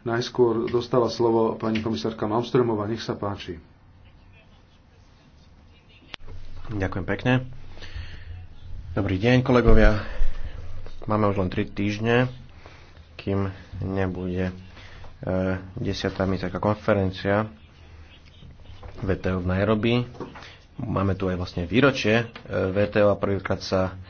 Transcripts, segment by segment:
Najskôr dostáva slovo pani komisárka Malmströmová. Nech sa páči. Ďakujem pekne. Dobrý deň, kolegovia. Máme už len 3 týždne, kým nebude 10. E, taká konferencia VTO v Nairobi. Máme tu aj vlastne výročie e, VTO a prvýkrát sa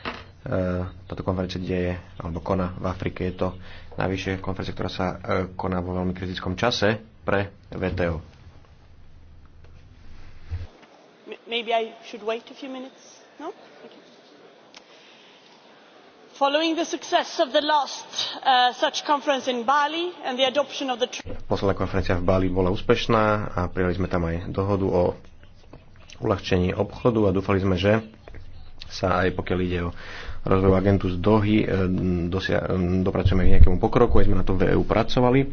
E, táto konferencia deje alebo koná v Afrike. Je to najvyššia konferencia, ktorá sa e, koná vo veľmi kritickom čase pre VTO. Maybe I should wait a few minutes? No? Okay. Following the success of the last uh, such conference in Bali and the adoption of the Posledná konferencia v Bali bola úspešná a prijali sme tam aj dohodu o uľahčení obchodu a dúfali sme, že sa aj pokiaľ ide o rozvoj agentu z Dohy, e, dosia, e, dopracujeme k nejakému pokroku, aj sme na tom v EU pracovali,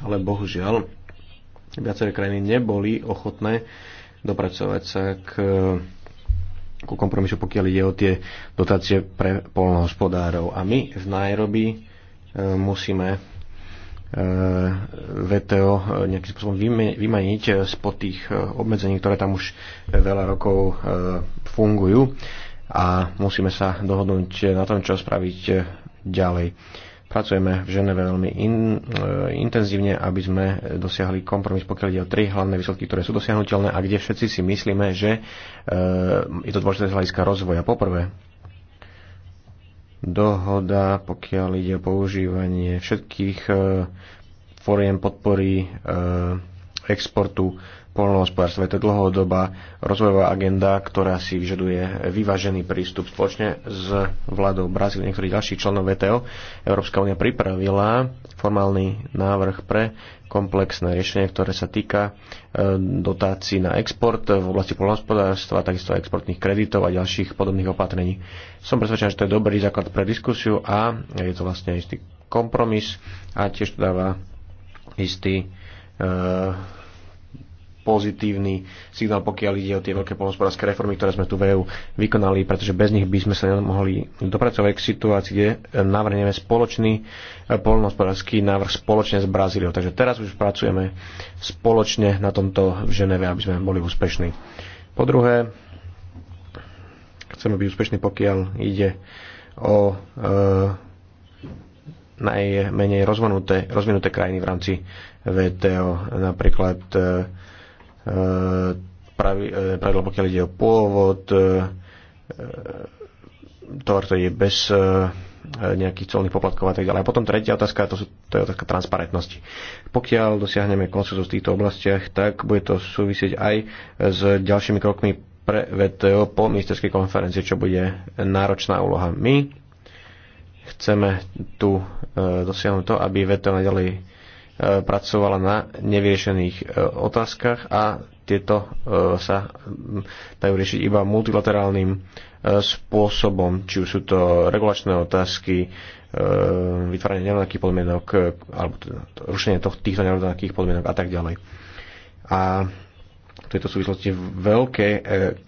ale bohužiaľ viaceré krajiny neboli ochotné dopracovať sa k k kompromisu, pokiaľ ide o tie dotácie pre polnohospodárov. A my v Nairobi e, musíme VTO nejakým spôsobom vymaniť spod tých obmedzení, ktoré tam už veľa rokov fungujú a musíme sa dohodnúť na tom, čo spraviť ďalej. Pracujeme v Ženeve veľmi in, e, intenzívne, aby sme dosiahli kompromis, pokiaľ ide o tri hlavné výsledky, ktoré sú dosiahnutelné a kde všetci si myslíme, že e, je to dôležité z hľadiska rozvoja. Poprvé, dohoda, pokiaľ ide o používanie všetkých e, foriem podpory e, exportu Poľnohospodárstvo Je to dlhodobá rozvojová agenda, ktorá si vyžaduje vyvážený prístup spoločne s vládou Brazílie a niektorých ďalších členov VTO. Európska únia pripravila formálny návrh pre komplexné riešenie, ktoré sa týka e, dotácií na export v oblasti polnohospodárstva, takisto exportných kreditov a ďalších podobných opatrení. Som presvedčený, že to je dobrý základ pre diskusiu a je to vlastne istý kompromis a tiež to dáva istý e, pozitívny signál, pokiaľ ide o tie veľké polnospodárske reformy, ktoré sme tu v EU vykonali, pretože bez nich by sme sa nemohli dopracovať k situácii, kde navrhneme spoločný e, polnospodársky návrh spoločne s Brazíliou. Takže teraz už pracujeme spoločne na tomto v Ženeve, aby sme boli úspešní. Po druhé, chceme byť úspešní, pokiaľ ide o e, najmenej rozvinuté, rozvinuté krajiny v rámci VTO, napríklad e, E, e, pravidla, pokiaľ ide o pôvod, e, tovar, ktorý je bez nejakých colných poplatkov a tak ďalej. A potom tretia otázka, to, sú, to je otázka transparentnosti. Pokiaľ dosiahneme konsenzus v týchto oblastiach, tak bude to súvisieť aj s ďalšími krokmi pre VTO po ministerskej konferencii, čo bude náročná úloha. My chceme tu e, dosiahnuť to, aby VTO naďalej E, pracovala na nevyriešených e, otázkach a tieto e, sa dajú riešiť iba multilaterálnym spôsobom, či už sú to regulačné otázky, vytváranie nerovnakých podmienok, alebo teda rušenie týchto nerovnakých podmienok a tak ďalej. A v tejto súvislosti veľké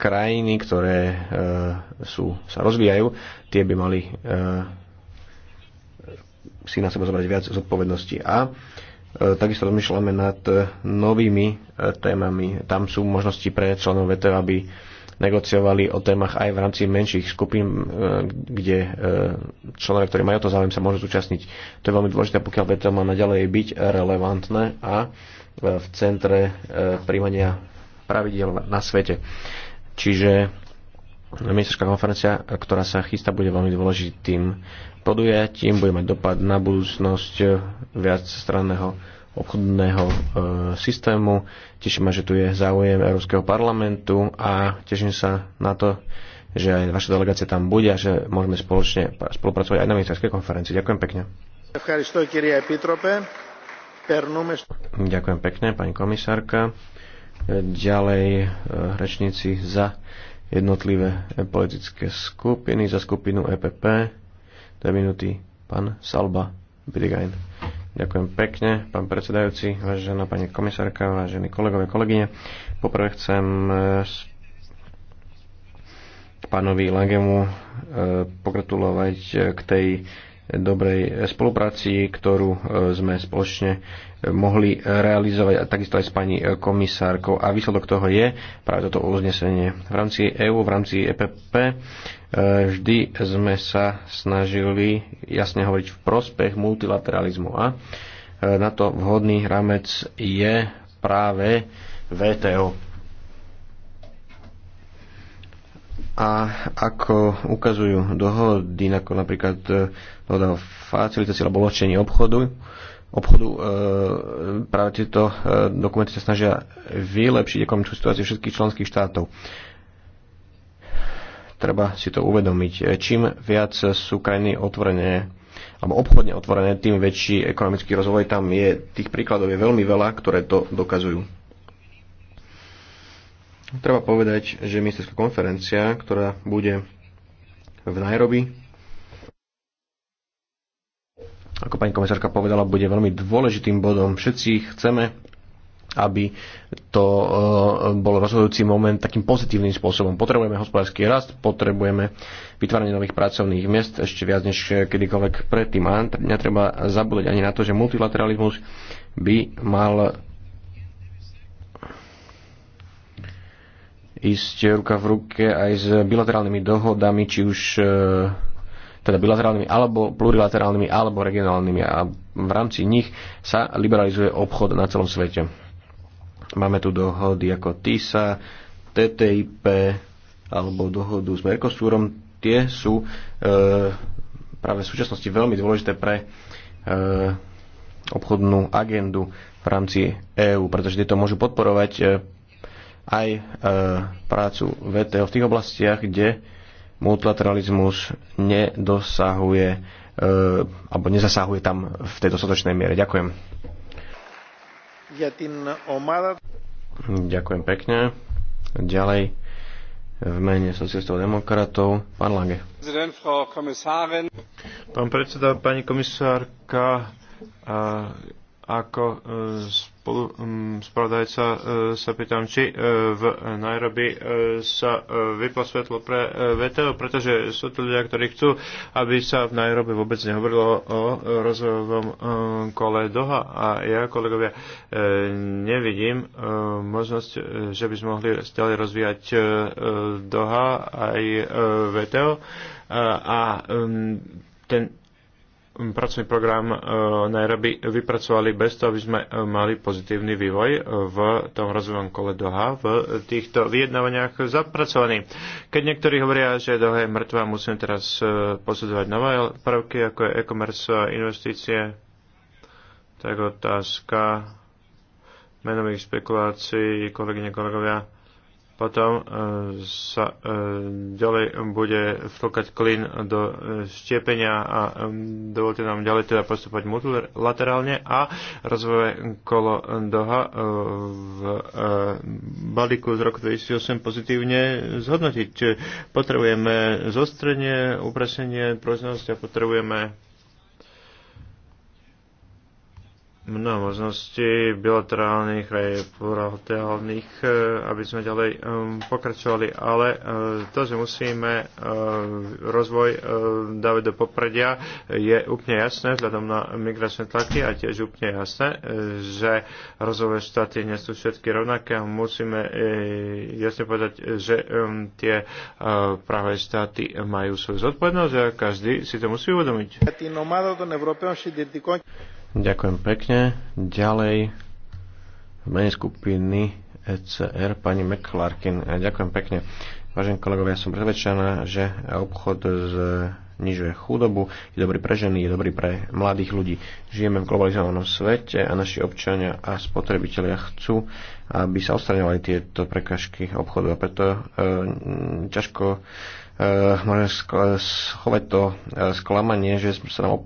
krajiny, ktoré sú, sa rozvíjajú, tie by mali si na seba zobrať viac zodpovednosti. A E, takisto rozmýšľame nad e, novými e, témami. Tam sú možnosti pre členov VTO, aby negociovali o témach aj v rámci menších skupín, kde členovia, ktorí majú to záujem, sa môžu zúčastniť. To je veľmi dôležité, pokiaľ VTO má naďalej byť relevantné a v centre príjmania pravidel na svete. Čiže ministerská konferencia, ktorá sa chystá, bude veľmi dôležitým podujatím, bude mať dopad na budúcnosť viacstranného obchodného e, systému. Teším ma, že tu je záujem Európskeho parlamentu a teším sa na to, že aj vaša delegácia tam bude a že môžeme spoločne spolupracovať aj na ministerskej konferencii. Ďakujem pekne. Ďakujem pekne, pani komisárka. Ďalej e, rečníci za jednotlivé politické skupiny. Za skupinu EPP dve minúty pán Salba Bidigain. Ďakujem pekne, pán predsedajúci, vážená pani komisárka, vážení kolegovia, kolegyne. Poprvé chcem eh, pánovi Langemu eh, pogratulovať k tej dobrej spolupráci, ktorú e, sme spoločne e, mohli realizovať a takisto aj s pani e, komisárkou. A výsledok toho je práve toto uznesenie. V rámci EÚ, v rámci EPP vždy sme sa snažili jasne hovoriť v prospech multilateralizmu. A na to vhodný rámec je práve VTO. A ako ukazujú dohody, ako napríklad dohodného facilitáciu alebo teda ločení obchodu. Obchodu e, práve tieto e, dokumenty sa snažia vylepšiť ekonomickú situáciu všetkých členských štátov. Treba si to uvedomiť. E, čím viac sú krajiny otvorené alebo obchodne otvorené, tým väčší ekonomický rozvoj tam je. Tých príkladov je veľmi veľa, ktoré to dokazujú. Treba povedať, že ministerská konferencia, ktorá bude v Nairobi ako pani komisárka povedala, bude veľmi dôležitým bodom. Všetci chceme, aby to eh, bol rozhodujúci moment takým pozitívnym spôsobom. Potrebujeme hospodársky rast, potrebujeme vytváranie nových pracovných miest ešte viac než kedykoľvek predtým. A netreba zabúdať ani na to, že multilateralizmus by mal ísť ruka v ruke aj s bilaterálnymi dohodami, či už eh, teda bilaterálnymi alebo plurilaterálnymi alebo regionálnymi a v rámci nich sa liberalizuje obchod na celom svete. Máme tu dohody ako TISA, TTIP alebo dohodu s Mercosurom. Tie sú e, práve v súčasnosti veľmi dôležité pre e, obchodnú agendu v rámci EÚ, pretože tieto môžu podporovať e, aj e, prácu VTO v tých oblastiach, kde e, multilateralizmus nedosahuje e, alebo nezasahuje tam v tej dostatočnej miere. Ďakujem. Ďakujem pekne. Ďalej v mene socialistov demokratov, pán Lange. Pán predseda, pani komisárka, ako e, spolu mm, spravodajca e, sa pýtam, či e, v Nairobi e, sa vypla svetlo pre VTO, pretože sú tu ľudia, ktorí chcú, aby sa v Nairobi vôbec nehovorilo o rozvojovom kole Doha a ja, kolegovia, nevidím možnosť, že by sme mohli stále rozvíjať Doha aj VTO a ten pracovný program e, Nairobi vypracovali bez toho, aby sme e, mali pozitívny vývoj e, v tom rozvojom kole Doha v týchto vyjednávaniach zapracovaný. Keď niektorí hovoria, že Doha je mŕtva, musíme teraz posudzovať nové prvky, ako je e-commerce a investície, tak otázka menových špekulácií, kolegyne, kolegovia potom e, sa e, ďalej bude vtlkať klin do e, štiepenia a dovolte nám ďalej teda postupovať multilaterálne a rozvoje kolo Doha v balíku z roku 2008 pozitívne zhodnotiť. Potrebujeme zostrenie, upresenie, proznosť a potrebujeme mnoho možností bilaterálnych aj plurálnych, e, aby sme ďalej e, pokračovali, ale e, to, že musíme rozvoj dávať do popredia, je úplne jasné vzhľadom na migračné tlaky a tiež úplne jasné, že rozvojové štáty nie sú všetky rovnaké a musíme jasne povedať, že tie práve štáty majú svoju zodpovednosť a každý si to musí uvedomiť. Ďakujem pekne. Ďalej v mene skupiny ECR pani McClarkin. E, ďakujem pekne. Vážení kolegovia, som prezvedčená, že obchod z nižuje chudobu, je dobrý pre ženy, je dobrý pre mladých ľudí. Žijeme v globalizovanom svete a naši občania a spotrebitelia chcú, aby sa odstraňovali tieto prekažky obchodu a preto e, ťažko e, môžeme e, schovať to e, sklamanie, že sa nám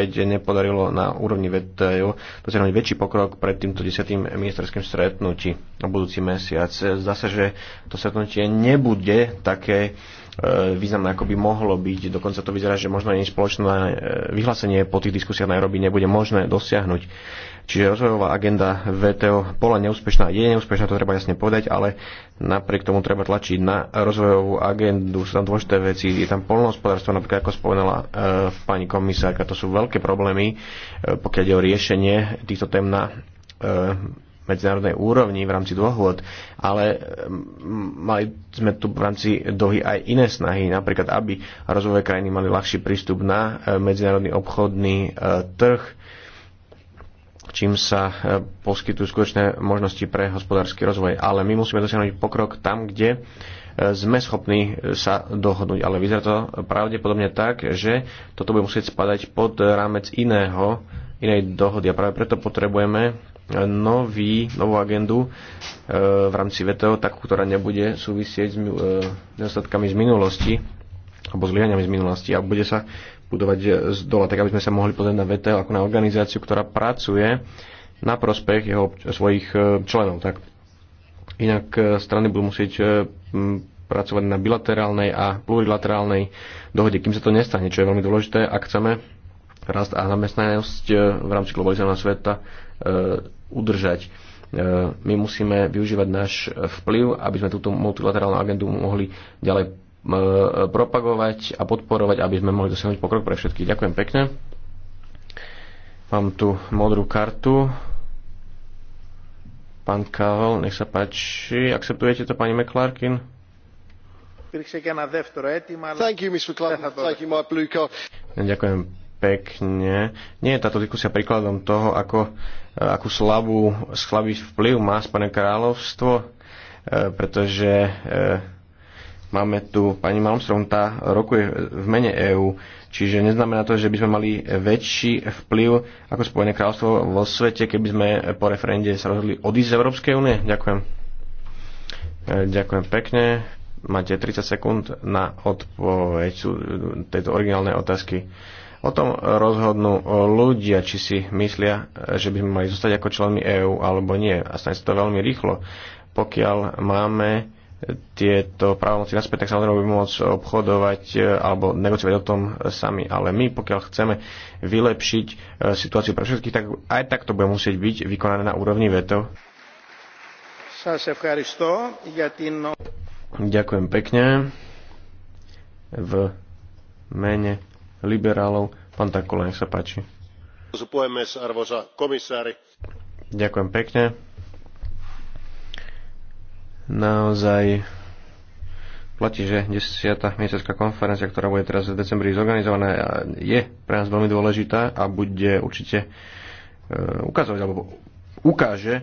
nepodarilo na úrovni VTU e dosiahnuť väčší pokrok pred týmto 10. ministerským stretnutí na budúci mesiac. Zdá sa, že to stretnutie nebude také e, významné, ako by mohlo byť. Dokonca to vyzerá, že možno ani spoločné e, vyhlásenie po tých diskusiách na Európy nebude možné dosiahnuť. Čiže rozvojová agenda VTO bola neúspešná, je neúspešná, to treba jasne povedať, ale napriek tomu treba tlačiť na rozvojovú agendu. Sú tam dôležité veci, je tam polnohospodárstvo, napríklad ako spomenula e, pani komisárka, to sú veľké problémy, e, pokiaľ ide o riešenie týchto tém na e, medzinárodnej úrovni v rámci dôvod, ale e, mali sme tu v rámci dohy aj iné snahy, napríklad aby rozvojové krajiny mali ľahší prístup na e, medzinárodný obchodný e, trh, čím sa e, poskytujú skutočné možnosti pre hospodársky rozvoj. Ale my musíme dosiahnuť pokrok tam, kde e, sme schopní e, sa dohodnúť. Ale vyzerá to pravdepodobne tak, že toto bude musieť spadať pod rámec iného, inej dohody. A práve preto potrebujeme nový, novú agendu v rámci VTO, takú, ktorá nebude súvisieť s nedostatkami z minulosti alebo zlyhaniami z minulosti a bude sa budovať z dola, tak aby sme sa mohli pozrieť na VTL ako na organizáciu, ktorá pracuje na prospech jeho, svojich e, členov. Tak. Inak e, strany budú musieť e, pracovať na bilaterálnej a plurilaterálnej dohode, kým sa to nestane, čo je veľmi dôležité, ak chceme rast a zamestnanosť v rámci globalizovaného sveta e, udržať. E, my musíme využívať náš vplyv, aby sme túto multilaterálnu agendu mohli ďalej propagovať a podporovať, aby sme mohli dosiahnuť pokrok pre všetkých. Ďakujem pekne. Mám tu modrú kartu. Pán Kavel, nech sa páči. Akceptujete to, pani McClarkin? Ďakujem pekne. Nie je táto diskusia príkladom toho, ako, eh, akú slabú, slabý vplyv má Spojené kráľovstvo, eh, pretože eh, Máme tu pani Malmström, tá rokuje v mene EÚ, čiže neznamená to, že by sme mali väčší vplyv ako Spojené kráľovstvo vo svete, keby sme po referende sa rozhodli odísť z Európskej únie. Ďakujem. E, ďakujem pekne. Máte 30 sekúnd na odpoveď e, tejto originálnej otázky. O tom rozhodnú ľudia, či si myslia, že by sme mali zostať ako členmi EÚ alebo nie. A stane sa to veľmi rýchlo, pokiaľ máme tieto právomoci naspäť, tak samozrejme by môcť obchodovať e, alebo negociovať o tom sami. Ale my, pokiaľ chceme vylepšiť e, situáciu pre všetkých, tak aj tak to bude musieť byť vykonané na úrovni veto. Ďakujem pekne. V mene liberálov pán Takula, nech sa páči. Ďakujem pekne naozaj platí, že 10. mesiacká konferencia, ktorá bude teraz v decembri zorganizovaná, je pre nás veľmi dôležitá a bude určite e, ukazovať, alebo ukáže, e,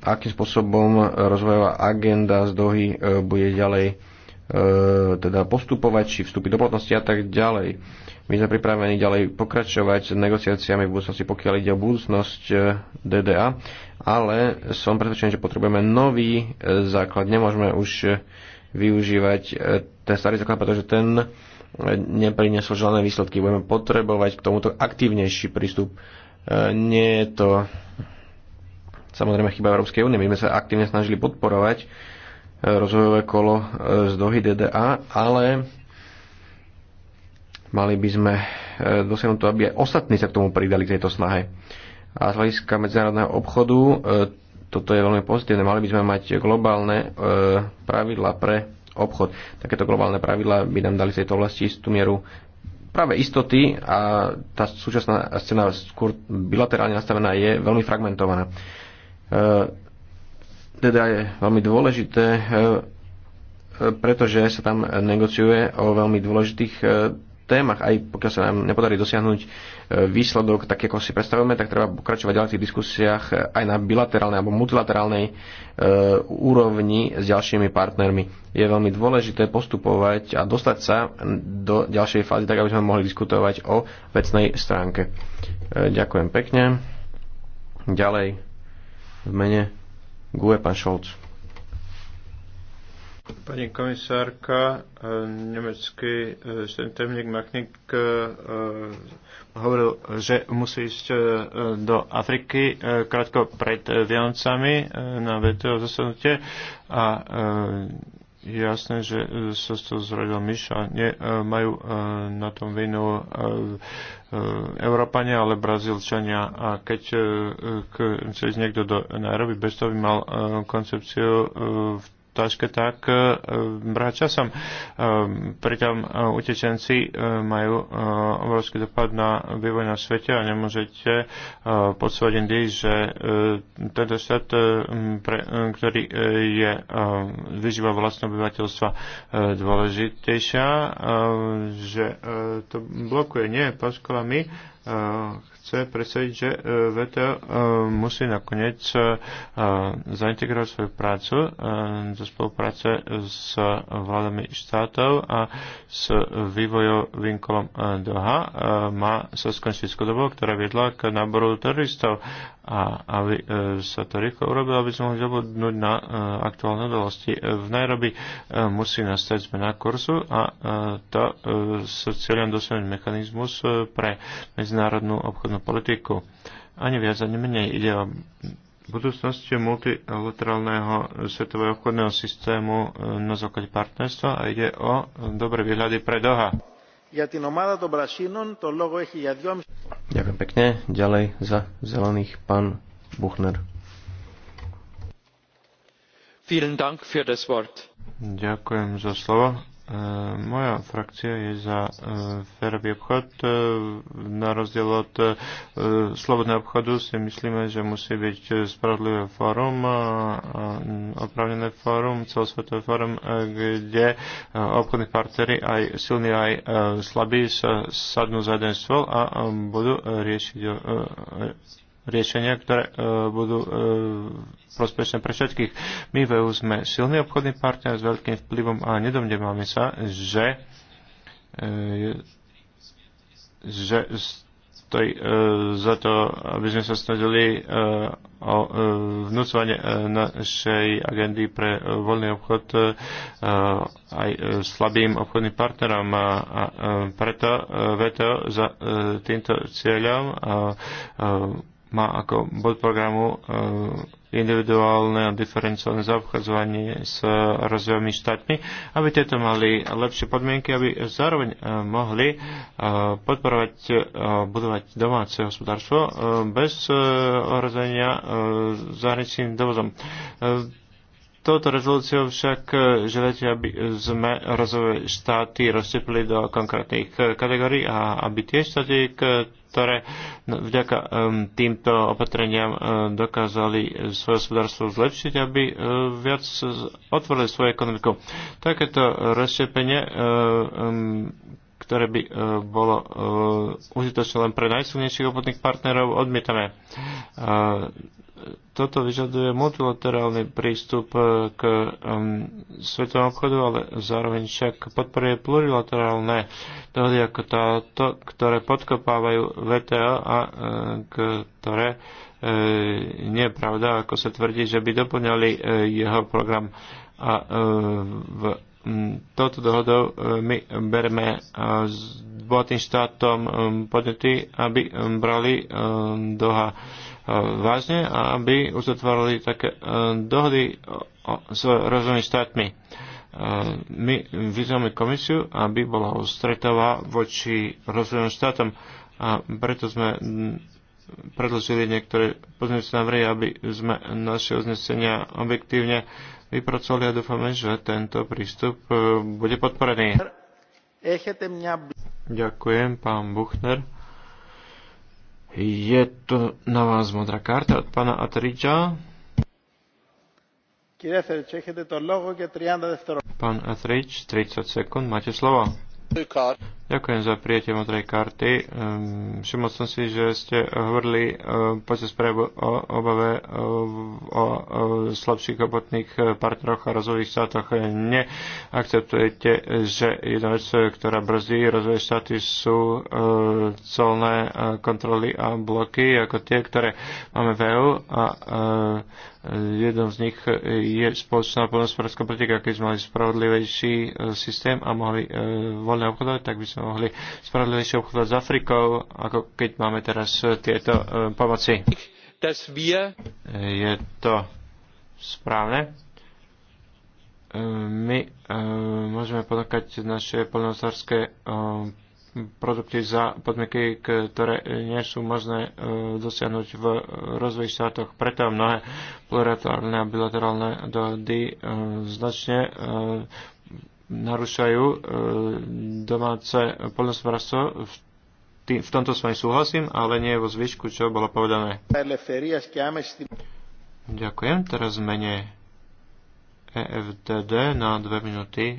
akým spôsobom rozvojová agenda z Dohy e, bude ďalej E, teda postupovať, či vstúpiť do platnosti a tak ďalej. My sme pripravení ďalej pokračovať s negociáciami v budúcnosti, pokiaľ ide o budúcnosť e, DDA, ale som presvedčený, že potrebujeme nový e, základ. Nemôžeme už využívať ten starý základ, pretože ten neprinesol žiadne výsledky. Budeme potrebovať k tomuto aktívnejší prístup. Nie je to samozrejme chyba Európskej únie. My sme sa aktívne snažili podporovať rozvojové kolo e, z Dohy DDA, ale mali by sme e, dosiahnuť to, aby aj ostatní sa k tomu pridali k tejto snahe. A z hľadiska medzinárodného obchodu e, toto je veľmi pozitívne. Mali by sme mať globálne pravidla pre obchod. Takéto globálne pravidla by nám dali v tejto oblasti istú mieru práve istoty a tá súčasná scéna skôr bilaterálne nastavená je veľmi fragmentovaná teda je veľmi dôležité, e, e, pretože sa tam negociuje o veľmi dôležitých e, témach, aj pokiaľ sa nám nepodarí dosiahnuť výsledok, tak ako si predstavujeme, tak treba pokračovať ďalej v tých diskusiách aj na bilaterálnej alebo multilaterálnej úrovni s ďalšími partnermi. Je veľmi dôležité postupovať a dostať sa do ďalšej fázy, tak aby sme mohli diskutovať o vecnej stránke. Ďakujem pekne. Ďalej v mene Gue, pán Šolc. Pani komisárka, e, nemecký štentevník e, Machnik e, hovoril, že musí ísť do Afriky krátko pred Vianocami na VTO zasadnutie a je jasné, že e, sa z toho zrodil myš a ne, e, majú e, na tom vinu Európania, ale Brazílčania. A keď chce ísť niekto do Nairobi, bez toho by mal koncepciu v Taške, tak e, brať časom. E, pritom e, utečenci majú obrovský dopad na vývoj na svete a nemôžete podsúvať Indii, že tento štát, ktorý je, vyžíva vlastné obyvateľstva dôležitejšia, že to blokuje nie paškolami, chce presediť, že e, VTO e, musí nakoniec e, zaintegrovať svoju prácu do spolupráce s vládami štátov a s vývojovým kolom Doha. Má sa skončiť skudobou, ktorá viedla k náboru teroristov a aby e, sa to rýchlo urobilo, aby sme mohli zabudnúť na e, aktuálne udalosti. E, v Nairobi musí nastať zmena kurzu a to s cieľom dosiahnuť mechanizmus pre medzinárodnú obchodnú politiku. Ani viac, ani menej ide o budúcnosť multilaterálneho svetového obchodného systému na základe partnerstva a ide o dobré výhľady pre Doha. Ďakujem pekne. Ďalej za zelených pán Buchner. Ďakujem za slovo E, moja frakcia je za e, férový obchod. E, na rozdiel od slobodného obchodu si myslíme, že musí byť spravodlivé fórum, opravnené fórum, celosvetové fórum, kde obchodní partnery aj silní, aj slabí sa sadnú za jeden stôl a budú riešiť riešenia, ktoré e, budú e, prospešné pre všetkých. My v EU sme silný obchodný partner s veľkým vplyvom a nedomnievame sa, že, e, že stojí e, za to, aby sme sa snažili e, o e, vnúcovanie e, našej agendy pre e, voľný obchod e, aj e, slabým obchodným partnerom. A, a a e, preto e, veto za e, týmto cieľom a, a, má ako bod programu eh, individuálne a diferenciálne zaobchádzanie s rozvojovými štátmi, aby tieto mali lepšie podmienky, aby zároveň eh, mohli eh, podporovať, budovať domáce hospodárstvo bez ohrozenia zahraničným dovozom. Touto rezolúciou však želáte, aby sme rozvojové štáty rozteplili do konkrétnych kategórií a aby tie štáty, ktoré no, vďaka týmto opatreniam dokázali svoje hospodárstvo zlepšiť, aby viac otvorili svoju ekonomiku. Takéto rozšepenie ktoré by bolo užitočné len pre najsilnejších obchodných partnerov, odmietame toto vyžaduje multilaterálny prístup e, k um, svetovom obchodu, ale zároveň však podporuje plurilaterálne dohody ako táto, ktoré podkopávajú VTO a uh, ktoré uh, nie je pravda, ako sa tvrdí, že by doplňali uh, jeho program. A uh, v um, toto dohodou uh, my bereme uh, s bohatým štátom um, podnety, aby um, brali um, Doha vážne a aby uzatvárali také e, dohody s rozvojnými štátmi. E, my vyzveme komisiu, aby bola ostretová voči rozvojom štátom a preto sme predložili niektoré pozmeňujúce návrhy, aby sme naše uznesenia objektívne vypracovali a dúfame, že tento prístup e, bude podporený. Ďakujem, pán Buchner. Je to na vás modrá karta od pána Atriča. Pán Atrič, 30 sekúnd, máte slovo. Ďakujem za prijatie modrej karty. Ehm, všimol som si, že ste hovorili um, počas prejavu o obave ehm, o, o slabších obotných partneroch a rozvojových štátoch. Neakceptujete, že jedna vec, ktorá brzdí rozvoj štáty, sú colné kontroly a bloky, ako tie, ktoré máme v EU a Jednou z nich je spoločná poľnohospodárska politika. Keď sme mali spravodlivejší e, systém a mohli e, voľne obchodovať, tak by sme mohli spravodlivejšie obchodovať s Afrikou, ako keď máme teraz e, tieto pomoci. Je to správne my môžeme podokať naše poľnohospodárske produkty za podmienky, ktoré nie sú možné e, dosiahnuť v rozvojových štátoch. Preto mnohé plurilaterálne a bilaterálne dohody e, značne e, narúšajú domáce poľnospodárstvo v v tomto s vami súhlasím, ale nie vo zvyšku, čo bolo povedané. Ďakujem. Teraz mene EFDD na dve minúty.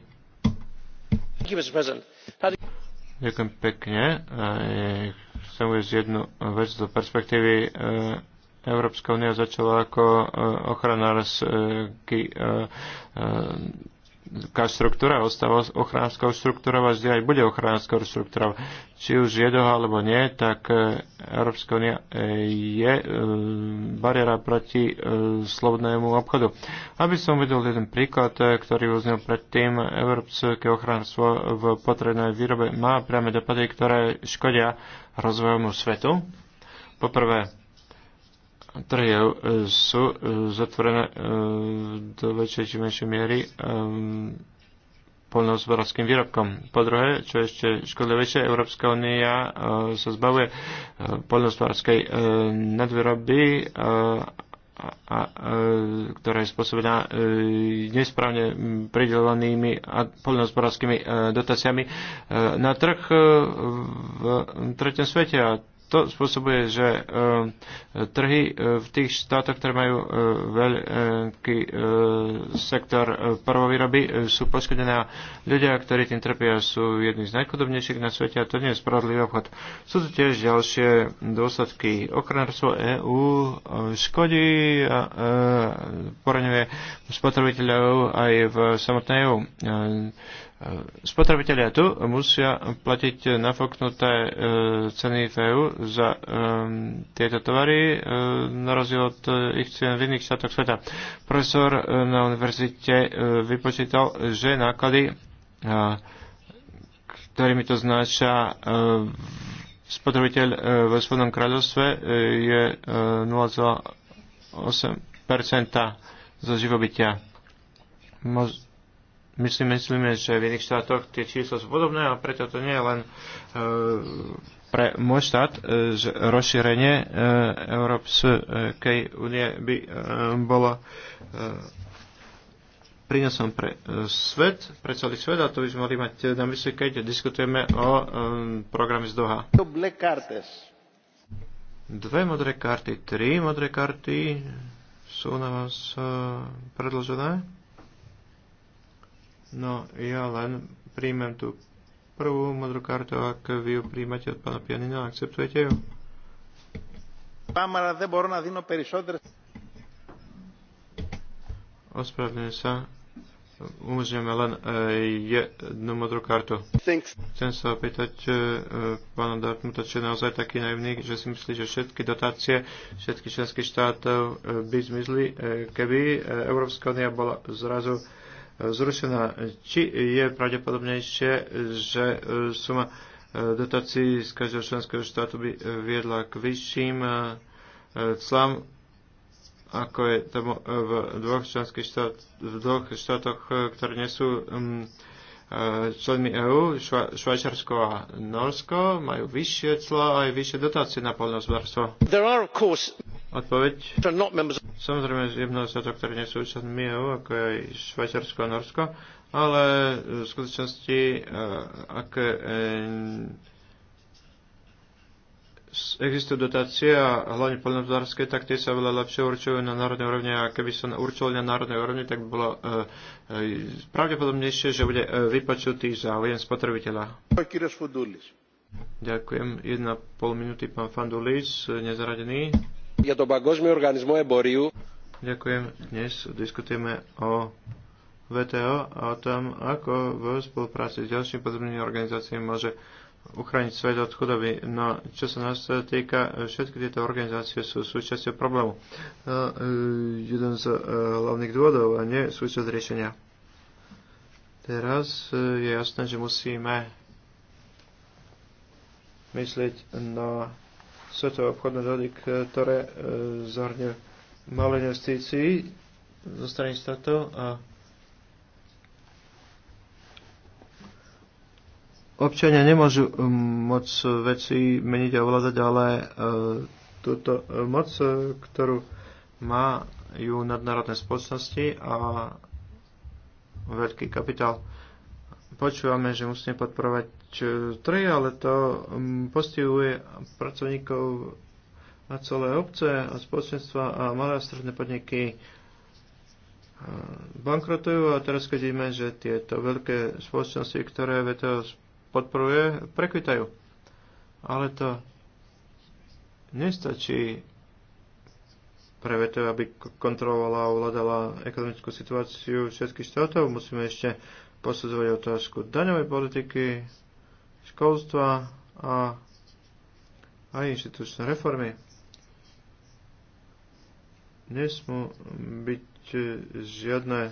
Thank you, Mr. President. Ďakujem pekne. Chcem uvieť jednu vec do perspektívy. E, Európska únia začala ako e, ochranársky ochránská štruktúra ostáva ochránskou štruktúrou a vždy aj bude ochránskou štruktúrou. Či už je doha alebo nie, tak e, Európska unia e, je e, bariéra proti slobodnému obchodu. Aby som videl jeden príklad, ktorý uznel predtým, Európske ochránstvo v potrebnej výrobe má priame dopady, ktoré škodia rozvojomu svetu. Poprvé, ktoré e, sú e, zatvorené e, do väčšej či menšej miery polnohospodárským výrobkom. Po druhé, čo je ešte škodlivejšie, Európska únia sa zbavuje polnohospodárskej nadvýroby ktorá je spôsobená nesprávne pridelovanými a poľnohospodárskymi dotáciami na trh v tretom svete. A to spôsobuje, že e, trhy e, v tých štátoch, ktoré majú e, veľký sektor prvovýroby, sú poškodené a ľudia, ktorí tým trpia, sú jedni z najchudobnejších na svete a to nie je spravodlivý obchod. Sú tu tiež ďalšie dôsledky. Okrenárstvo EÚ škodí a poraňuje spotrebiteľov aj v samotnej EÚ Spotrebitelia tu musia platiť nafoknuté e, ceny v EU za e, tieto tovary, e, na rozdiel od ich cien v iných štátoch sveta. Profesor na univerzite vypočítal, že náklady, ktorými to znáša spotrebiteľ vo svojom kráľovstve, je 0,8% zo živobytia. Mož- my si myslíme, že v iných štátoch tie čísla sú podobné a preto to nie je len e, pre môj štát, e, že rozšírenie e, Európskej únie by bolo prínosom pre svet, pre celý svet a to by sme mali mať na mysli, keď diskutujeme o programe z Doha. Dve modré karty, tri modré karty sú na vás predložené. No, ja len príjmem tú prvú modrú kartu, ak vy ju príjmate od pána Pianina, akceptujete ju? Pán Mara, neboro dino perišodre. Ospravedlňujem sa. Umožňujeme len uh, jednu modrú kartu. Thanks. Chcem sa opýtať uh, pána Dartmuta, či je naozaj taký naivný, že si myslí, že všetky dotácie všetky členských štátov uh, by zmizli, uh, keby uh, Európska únia bola zrazu uh, zrušená. Či je pravdepodobnejšie, že e, suma e, dotácií z každého členského štátu by e, viedla k vyšším clám, ako je tam v dvoch členských štát, v dvoch štátoch, ktoré nie sú členmi EÚ, Šva, Švajčarsko a Norsko, majú vyššie clá a aj vyššie dotácie na poľnohospodárstvo. Odpoveď? Samozrejme, jedná sa to, ktoré nie sú členmi EU, ako aj Švajčiarsko a Norsko, ale e, v skutočnosti, e, ak e, existujú dotácie a hlavne poľnohospodárske, tak tie sa veľa lepšie určujú na národnej úrovni a keby sa určovali na národnej úrovni, tak by bolo pravdepodobnejšie, že bude e, vypočutý záujem spotrebiteľa. Ďakujem. Jedna pol minúty pán Fandulis, nezaradený. Ďakujem. Dnes diskutujeme o VTO a o tom, ako v spolupráci s ďalšími podobnými organizáciami môže uchrániť svet od chudoby. No, čo sa nás týka, všetky tieto organizácie sú súčasťou problému. No, e, jeden z e, hlavných dôvodov a nie súčasť riešenia. Teraz e, je jasné, že musíme myslieť na svetové obchodné zhody, ktoré e, zahrňujú malé investície zo strany štátov a občania nemôžu e, moc veci meniť a ovládať, ale e, túto e, moc, ktorú ju nadnárodné spoločnosti a veľký kapitál, počúvame, že musíme podporovať čo treje, ale to mm, postihuje pracovníkov a celé obce a spoločenstva a malé a stredné podniky e, bankrotujú a teraz keď vidíme, že tieto veľké spoločnosti, ktoré VTO podporuje, prekvitajú. Ale to nestačí pre VTO, aby kontrolovala a ovládala ekonomickú situáciu všetkých štátov. Musíme ešte posudzovať otázku daňovej politiky, školstva a aj inštitučné reformy nesmú byť žiadne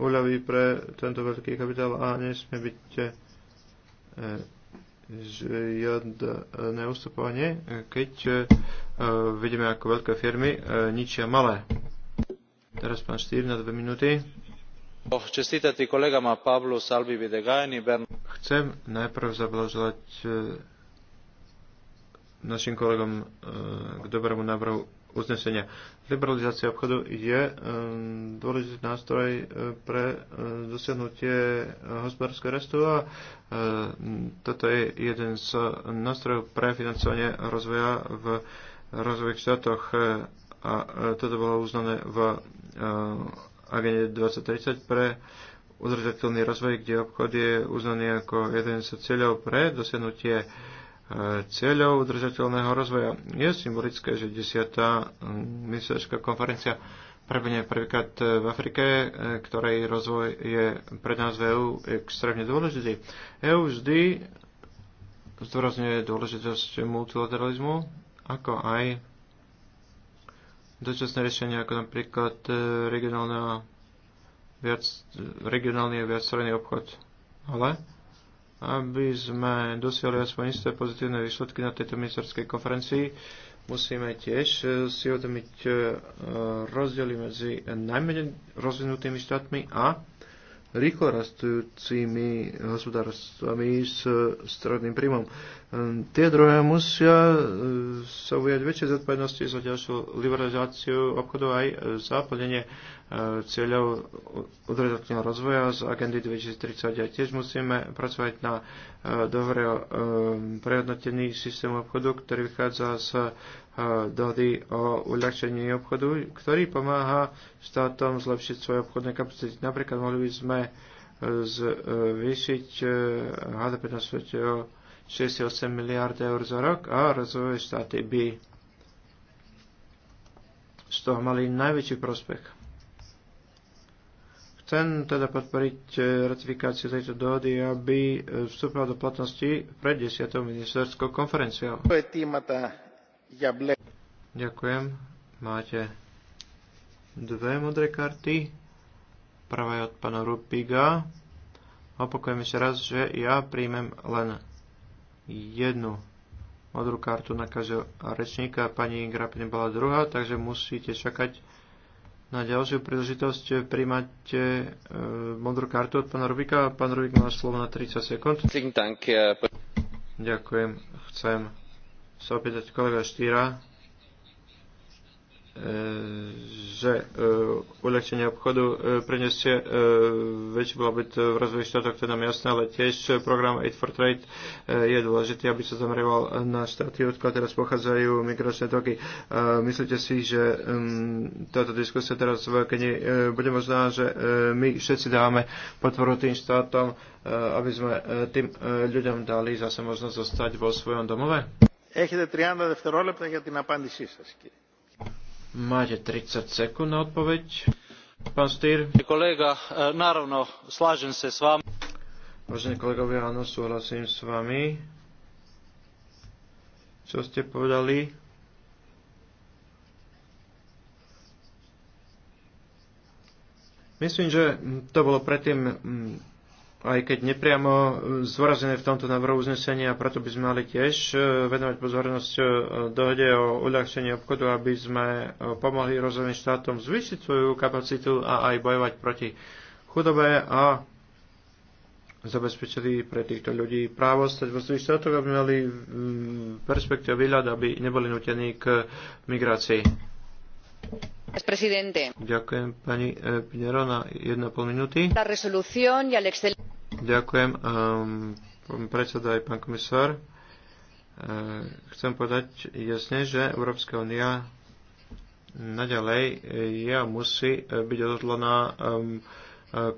úľavy pre tento veľký kapitál a nesmie byť e, žiadne ustupovanie, keď e, vidíme, ako veľké firmy e, ničia malé. Teraz pán Štýr na dve minúty. Čestitati kolegama Pavlu Salvi Videgajni, Bernardo. Chcem najprv zablažovať e, našim kolegom e, k dobrému návrhu uznesenia. Liberalizácia obchodu je e, dôležitý nástroj pre dosiahnutie hospodárskeho rastu a toto je jeden z nástrojov pre financovanie rozvoja v rozvojových štátoch a toto bolo uznané v agende 2030 pre udržateľný rozvoj, kde obchod je uznaný ako jeden z cieľov pre dosiahnutie e, cieľov udržateľného rozvoja. Je symbolické, že 10. Mm, ministerská konferencia prebehne prvýkrát e, v Afrike, e, ktorej rozvoj je pre nás v EU extrémne dôležitý. EU vždy zdôrazňuje dôležitosť multilateralizmu, ako aj dočasné riešenia, ako napríklad regionálna viac, regionálny a viacstranný obchod. Ale aby sme dosiahli aspoň isté pozitívne výsledky na tejto ministerskej konferencii, musíme tiež eh, si odmiť eh, rozdiely medzi najmenej rozvinutými štátmi a rýchlo rastujúcimi hospodárstvami s eh, stredným príjmom. Ehm, tie druhé musia sa ujať väčšie zodpovednosti za ďalšiu liberalizáciu obchodov aj za plnenie E, cieľov udržateľného rozvoja z agendy 2030 a tiež musíme pracovať na e, dohovore o e, prehodnotení systému obchodu, ktorý vychádza z dohody o uľahčení obchodu, ktorý pomáha štátom zlepšiť svoje obchodné kapacity. Napríklad mohli by sme zvýšiť HDP na svete o 68 miliard eur za rok a rozvojové štáty by z toho mali najväčší prospech. Chcem teda podporiť e, ratifikáciu tejto dohody, aby e, vstúpila do platnosti pred 10. ministerskou konferenciou. Ďakujem. Máte dve modré karty. Prvá je od pana Rupiga. Opakujem ešte raz, že ja príjmem len jednu modrú kartu na každého rečníka. Pani Grapine bola druhá, takže musíte čakať na ďalšiu príležitosť e, modrú kartu od pána Rubika. Pán Rubik má slovo na 30 sekúnd. Ďakujem. Chcem sa opýtať kolega Štýra že e, uľahčenie obchodu e, priniesie e, väčší blahobyt v rozvoji štátov, to je nám jasné, ale tiež program Aid for Trade je dôležitý, aby sa zameroval na štáty, odkiaľ teraz pochádzajú migračné toky. Myslíte si, že táto diskusia teraz v Kenii bude možná, že my všetci dávame potvoru tým štátom, aby sme tým ľuďom dali zase možnosť zostať vo svojom domove? Έχετε 30 δευτερόλεπτα για την απάντησή σας, κύριε. Máte 30 sekúnd na odpoveď. Pán Stýr. Kolega, e, naravno, sa s vami. Vážení kolegovia, áno, súhlasím s vami. Čo ste povedali? Myslím, že to bolo predtým aj keď nepriamo e, zvorazené v tomto návrhu uznesenia, preto by sme mali tiež e, venovať pozornosť e, dohode o uľahčení obchodu, aby sme pomohli rozvojným štátom zvýšiť svoju kapacitu a aj bojovať proti chudobe a zabezpečili pre týchto ľudí právo stať vo svojich štátoch, aby mali perspektívu výhľad, aby neboli nutení k migrácii. Ďakujem pani Pinero na 1,5 minúty. La Ďakujem, um, predseda aj pán komisár. Ehm, chcem povedať jasne, že Európska únia naďalej eh, a musí eh, byť odhodlaná um, E,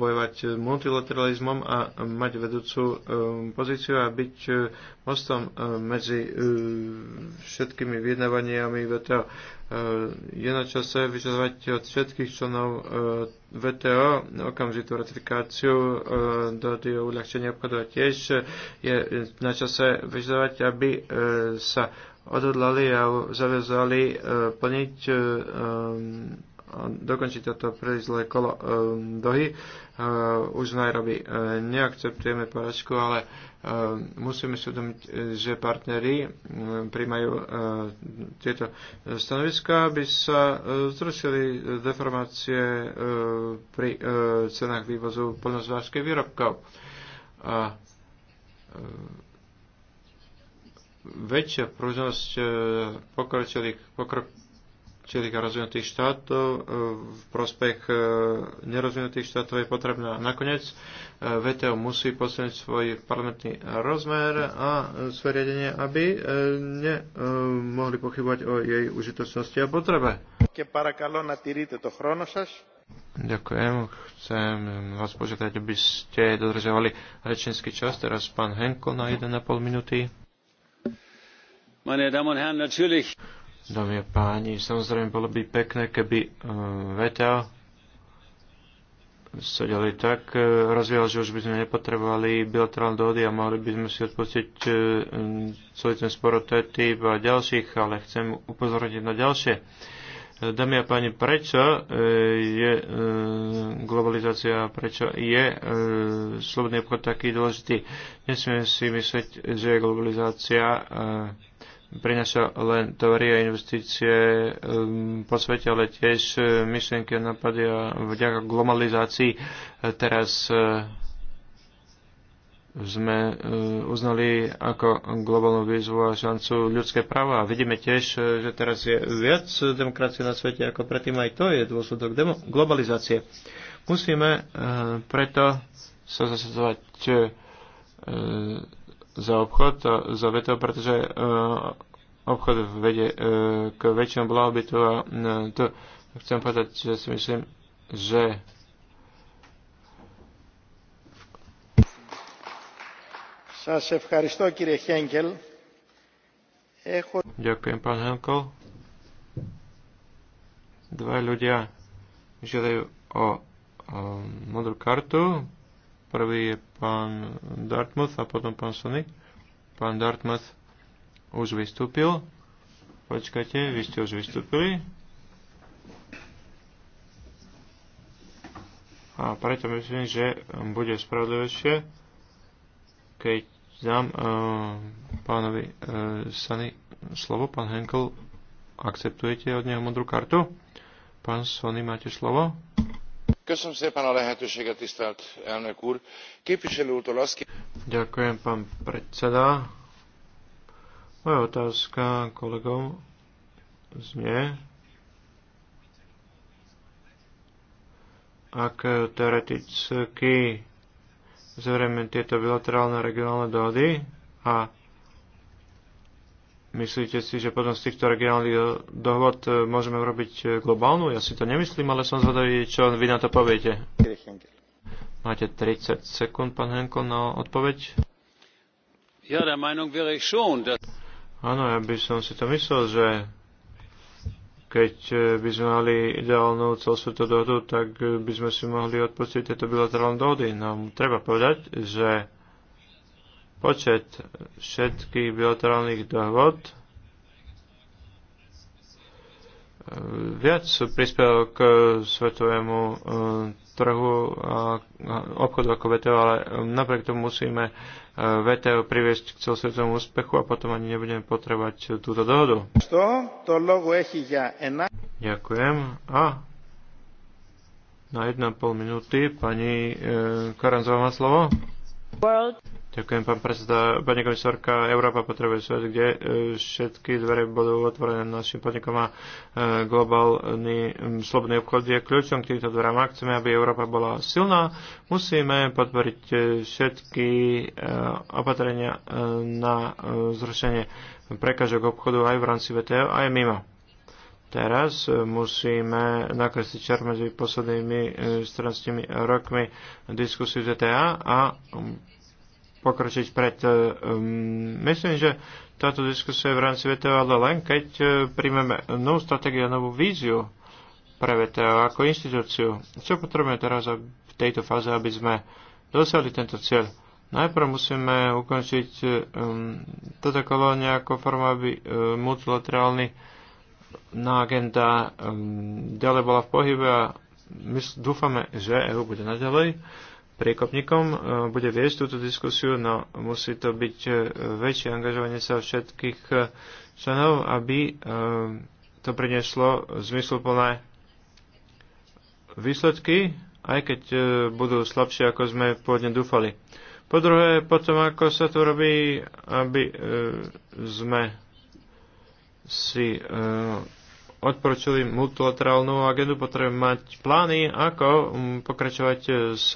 bojovať multilateralizmom a mať vedúcu e, pozíciu a byť e, mostom medzi všetkými vyjednávaniami VTO. Je na čase vyžadovať od všetkých členov VTO okamžitú ratifikáciu do o uľahčení obchodu a tiež je na čase vyžadovať, aby sa odhodlali a zavezali plniť dokončiť toto prezlé kolo um, dohy uh, už v Nairobi. Uh, neakceptujeme poražku, ale uh, musíme si uvedomiť, že partneri um, príjmajú tieto stanoviska, aby sa zrušili deformácie pri cenách vývozu poľnohospodárskych výrobkov. A väčšia pružnosť pokročilých pokrok čelika rozvinutých štátov e, v prospech e, nerozvinutých štátov je potrebná. Nakoniec e, VTO musí posunúť svoj parlamentný rozmer a svoje riadenie, aby ne, mohli pochybovať o jej užitočnosti a potrebe. Ďakujem. Chcem vás požiadať, aby ste dodržovali rečenský čas. Teraz pán Henko na 1,5 minúty. Meine Damen und Herren, natürlich Dámy a páni, samozrejme bolo by pekné, keby e, veta sa ďalej tak e, rozvíjal, že už by sme nepotrebovali bilaterálne dohody a mohli by sme si odpustiť e, celý ten spor o a ďalších, ale chcem upozorniť na ďalšie. Dámy a páni, prečo je globalizácia, prečo je slobodný obchod taký dôležitý? Nesmieme si myslieť, že globalizácia prináša len teória investície um, po svete, ale tiež uh, myšlienky a nápady a vďaka globalizácii uh, teraz uh, sme uh, uznali ako globálnu výzvu a šancu ľudské práva. A vidíme tiež, uh, že teraz je viac demokracie na svete ako predtým. Aj to je dôsledok globalizácie. Musíme uh, preto sa zasadzovať uh, za obchod, a za veto, pretože e, obchod vedie e, k väčšiemu blahobytu a e, to chcem povedať, že si myslím, že Ďakujem, pán Henkel. Dva ľudia žiadajú o, o modrú kartu. Prvý je pán Dartmouth a potom pán Sony. Pán Dartmouth už vystúpil. Počkajte, vy ste už vystúpili. A preto myslím, že bude spravodlivejšie, keď dám uh, pánovi uh, eh, Sany slovo. Pán Henkel, akceptujete od neho modrú kartu? Pán Sony, máte slovo? Ďakujem, pán predseda. Moja otázka kolegom znie, ak teoreticky zverejme tieto bilaterálne regionálne dohody a Myslíte si, že potom z týchto regionálnych eh, dohod eh, môžeme urobiť eh, globálnu? Ja si to nemyslím, ale som zvedavý, čo vy na to poviete. Máte 30 sekúnd, pán Henko, na odpoveď. Ja, der Meinung wäre ich schon, dass... Áno, ja by som si to myslel, že keď by sme mali ideálnu celosvetovú dohodu, tak by sme si mohli odpustiť tieto bilaterálne dohody. No treba povedať, že Počet všetkých bilaterálnych dohod eh, viac prispel k svetovému eh, trhu a obchodu ako VTO, ale eh, napriek tomu musíme VTO priviesť k celosvetovému úspechu a potom ani nebudeme potrebať túto dohodu. Ďakujem. A na 1,5 minúty pani Karanzová má slovo. World. Ďakujem, pán predseda. Pani komisárka, Európa potrebuje svet, kde e, všetky dvere budú otvorené našim podnikom a e, globálny slobodný obchod je kľúčom k týmto dverám. Ak chceme, aby Európa bola silná, musíme podporiť e, všetky opatrenia na zrušenie prekažok obchodu aj v rámci VTO, aj mimo. Teraz musíme nakresliť čar medzi poslednými 14 rokmi diskusiu ZTA a pokročiť pred. E, myslím, že táto diskusia je v rámci VTO, ale len keď e, príjmeme novú stratégiu a novú víziu pre VTO ako inštitúciu. Čo potrebujeme teraz v tejto fáze, aby sme dosiahli tento cieľ? Najprv musíme ukončiť um, toto kolo nejakou formou, aby um, multilaterálny na agenda um, ďalej bola v pohybe a my dúfame, že EU bude naďalej priekopníkom, e, bude viesť túto diskusiu, no musí to byť e, väčšie angažovanie sa všetkých e, členov, aby to prinieslo zmysluplné výsledky, aj keď budú slabšie, ako sme pôvodne dúfali. Po druhé, potom ako sa to robí, aby sme si odporučili multilaterálnu agendu, potrebujeme mať plány, ako mm, pokračovať e, s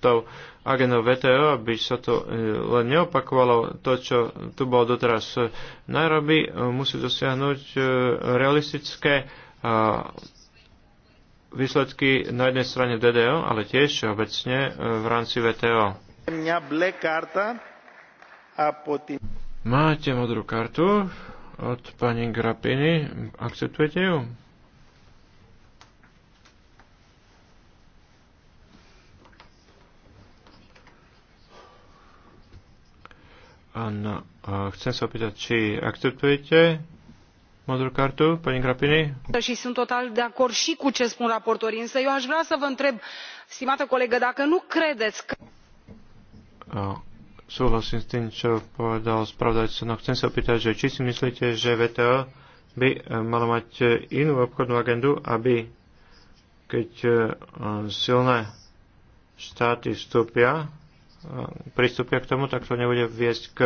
tou agendou VTO, aby sa to e, len neopakovalo to, čo tu bolo doteraz. Nairobi e, musí dosiahnuť realistické výsledky na jednej strane DDO, ale tiež obecne v rámci VTO. Máte modrú kartu od pani Grapiny. Akceptujete ju? Áno, chcem sa opýtať, či akceptujete modrú kartu, pani Grapini? Și sunt total de acord și cu ce spun raportorii, însă eu aș vrea să vă întreb, stimată colegă, dacă nu credeți că súhlasím s tým, čo povedal spravodajca, no chcem sa opýtať, že či si myslíte, že VTO by e, malo mať e, inú obchodnú agendu, aby keď e, silné štáty vstúpia, pristúpia k tomu, tak to nebude viesť k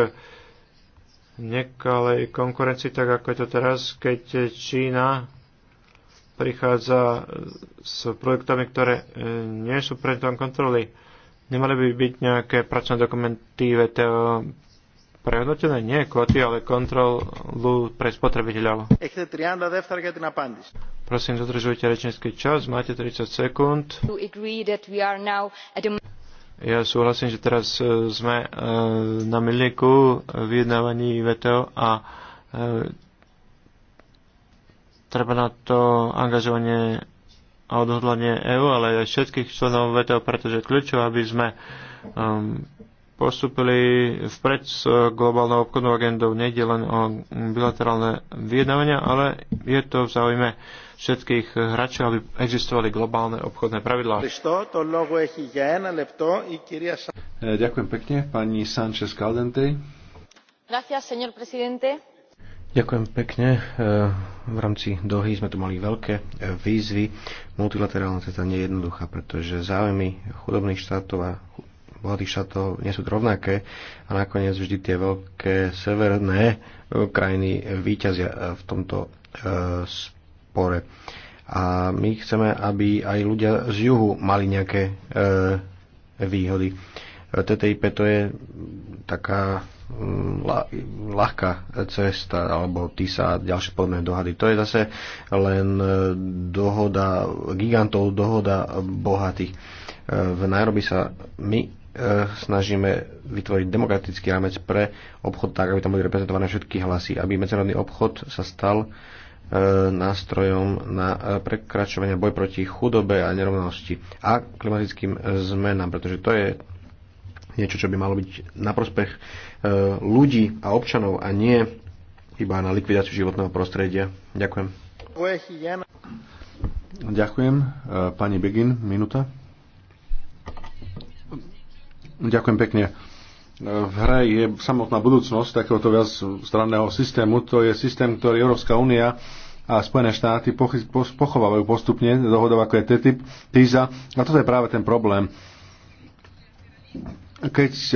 nekalej konkurencii, tak ako je to teraz, keď Čína prichádza s projektami, ktoré nie sú predtom kontroly Nemali by byť nejaké pracovné dokumenty VTO prehodnotené? Nie kvoty, ale kontrolu pre spotrebiteľov. Prosím, zadržujte rečnický čas. Máte 30 sekúnd. Ja súhlasím, že teraz e, sme e, na milieku vyjednávaní VTO a e, treba na to angažovanie a odhodlanie EÚ, ale aj všetkých členov VTO, pretože kľúčov, aby sme um, postupili vpred s globálnou obchodnou agendou. Nejde len o bilaterálne vyjednávania, ale je to v záujme všetkých hráčov, aby existovali globálne obchodné pravidlá. Ďakujem pekne, pani Sánchez Caldente. Gracias, señor presidente Ďakujem pekne. E, v rámci dohy sme tu mali veľké e, výzvy. Multilaterálna cesta nie je jednoduchá, pretože záujmy chudobných štátov a bohatých štátov nie sú rovnaké a nakoniec vždy tie veľké severné e, krajiny výťazia v tomto spore. A my chceme, aby aj ľudia z juhu mali nejaké výhody. TTIP to je taká Mm, ľahká cesta alebo TISA a ďalšie podobné dohady. To je zase len e, dohoda gigantov, dohoda bohatých. E, v Nairobi sa my e, snažíme vytvoriť demokratický rámec pre obchod tak, aby tam boli reprezentované všetky hlasy, aby medzinárodný obchod sa stal nástrojom na prekračovanie boj proti chudobe a nerovnosti a klimatickým zmenám, pretože to je niečo, čo by malo byť na prospech E, ľudí a občanov a nie iba na likvidáciu životného prostredia. Ďakujem. Ďakujem. E, pani Begin, minúta. Ďakujem pekne. E, v hre je samotná budúcnosť takéhoto viac stranného systému. To je systém, ktorý Európska únia a Spojené štáty pochovávajú postupne dohodov ako je TTIP, TISA a toto je práve ten problém keď e,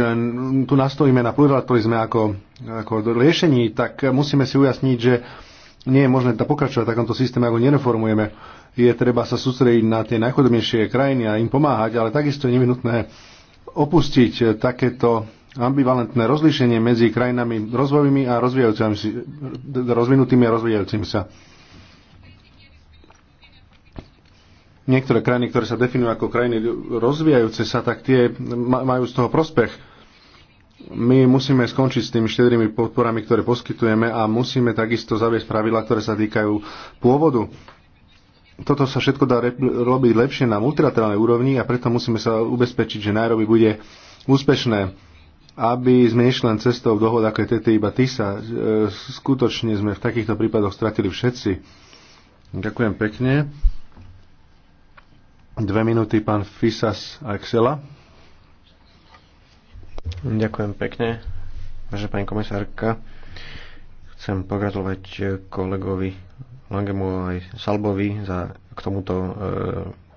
tu nastojíme na pluralizme ako, ako riešení, tak musíme si ujasniť, že nie je možné pokračovať v takomto systéme, ako nereformujeme. Je treba sa sústrediť na tie najchodobnejšie krajiny a im pomáhať, ale takisto je nevyhnutné opustiť takéto ambivalentné rozlíšenie medzi krajinami rozvojovými a rozvíjajúcimi, rozvinutými a rozvíjajúcimi sa. niektoré krajiny, ktoré sa definujú ako krajiny rozvíjajúce sa, tak tie majú z toho prospech. My musíme skončiť s tými štedrými podporami, ktoré poskytujeme a musíme takisto zaviesť pravidla, ktoré sa týkajú pôvodu. Toto sa všetko dá robiť lepšie na multilaterálnej úrovni a preto musíme sa ubezpečiť, že Nairobi bude úspešné aby sme išli len cestou dohod, ako je TTIP a TISA. E, skutočne sme v takýchto prípadoch stratili všetci. Ďakujem pekne. Dve minúty pán Fisas Axela. Ďakujem pekne, vážená pani komisárka. Chcem pogratulovať kolegovi Langemu aj Salbovi za, k tomuto e,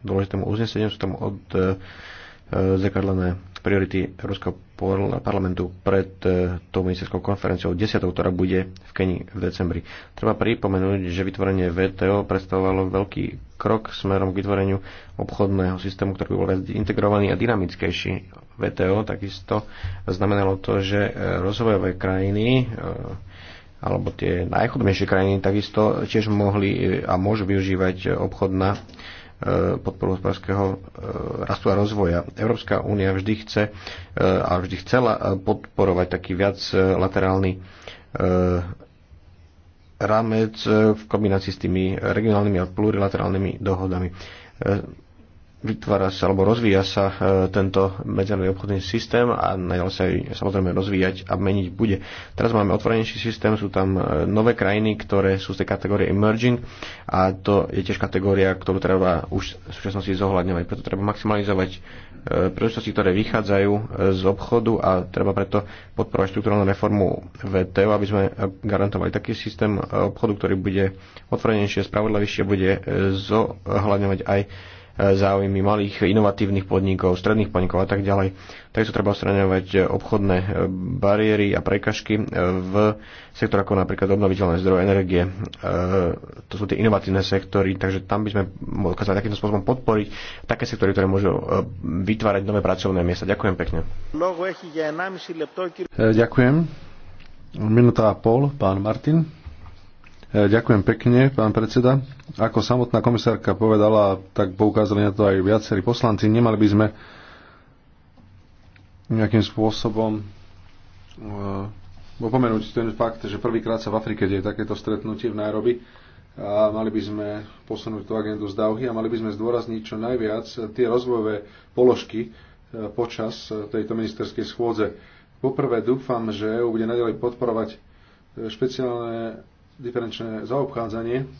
dôležitému uzneseniu. Sú tam od e, e zrkadlené priority Európskeho parlamentu pred e, tou ministerskou konferenciou 10, ktorá bude v Keni v decembri. Treba pripomenúť, že vytvorenie VTO predstavovalo veľký krok smerom k vytvoreniu obchodného systému, ktorý bol viac integrovaný a dynamickejší. VTO takisto znamenalo to, že e, rozvojové krajiny e, alebo tie najchudobnejšie krajiny takisto tiež mohli a môžu využívať obchod na Eh, podporu hospodárskeho eh, rastu a rozvoja. Európska únia vždy chce eh, a vždy chcela podporovať taký viac laterálny rámec v kombinácii s tými regionálnymi a plurilaterálnymi dohodami vytvára sa alebo rozvíja sa e, tento medzinárodný obchodný systém a naďalej sa aj samozrejme rozvíjať a meniť bude. Teraz máme otvorenejší systém, sú tam e, nové krajiny, ktoré sú z tej kategórie emerging a to je tiež kategória, ktorú treba už v súčasnosti zohľadňovať. Preto treba maximalizovať e, príležitosti, ktoré vychádzajú z obchodu a treba preto podporovať štruktúrnu reformu VTO, aby sme garantovali taký systém obchodu, ktorý bude otvorenejšie, spravodlivejšie, bude zohľadňovať aj záujmy malých inovatívnych podnikov, stredných podnikov a tak ďalej. Takisto treba odstraňovať eh, obchodné eh, bariéry a prekažky eh, v sektore ako napríklad obnoviteľné zdroje energie. To sú tie inovatívne sektory, takže tam by sme dokázali takýmto spôsobom podporiť také sektory, ktoré môžu vytvárať nové pracovné miesta. Ďakujem pekne. Ďakujem. Minúta a pol, pán Martin. E, ďakujem pekne, pán predseda. Ako samotná komisárka povedala, tak poukázali na to aj viacerí poslanci, nemali by sme nejakým spôsobom e, opomenúť ten fakt, že prvýkrát sa v Afrike deje takéto stretnutie v Nairobi a mali by sme posunúť tú agendu z Dauhy a mali by sme zdôrazniť čo najviac tie rozvojové položky e, počas tejto ministerskej schôdze. Poprvé dúfam, že EU bude nadalej podporovať špeciálne diferenčné zaobchádzanie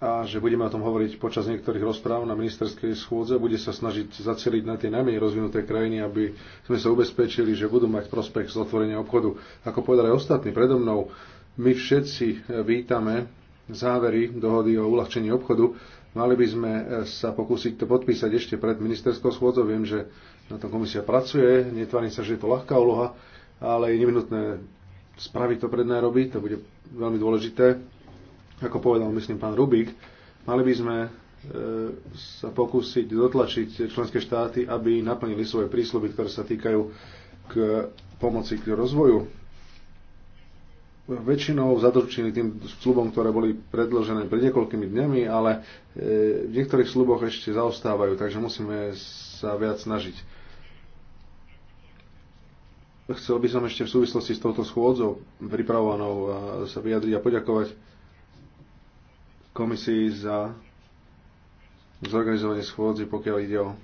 a že budeme o tom hovoriť počas niektorých rozpráv na ministerskej schôdze. Bude sa snažiť zacieliť na tie najmenej rozvinuté krajiny, aby sme sa ubezpečili, že budú mať prospech z otvorenia obchodu. Ako povedali ostatní predo mnou, my všetci vítame závery dohody o uľahčení obchodu. Mali by sme sa pokúsiť to podpísať ešte pred ministerskou schôdzou. Viem, že na tom komisia pracuje. Netvárim sa, že je to ľahká úloha, ale je nevinutné spraviť to predné robiť, to bude veľmi dôležité. Ako povedal, myslím, pán Rubik, mali by sme e, sa pokúsiť dotlačiť členské štáty, aby naplnili svoje prísľuby, ktoré sa týkajú k pomoci k rozvoju. Väčšinou zadručili tým slubom, ktoré boli predložené pred niekoľkými dňami, ale e, v niektorých sluboch ešte zaostávajú, takže musíme sa viac snažiť. Chcel by som ešte v súvislosti s touto schôdzou pripravovanou eh, sa vyjadriť a poďakovať komisii za zorganizovanie schôdzy, pokiaľ ide o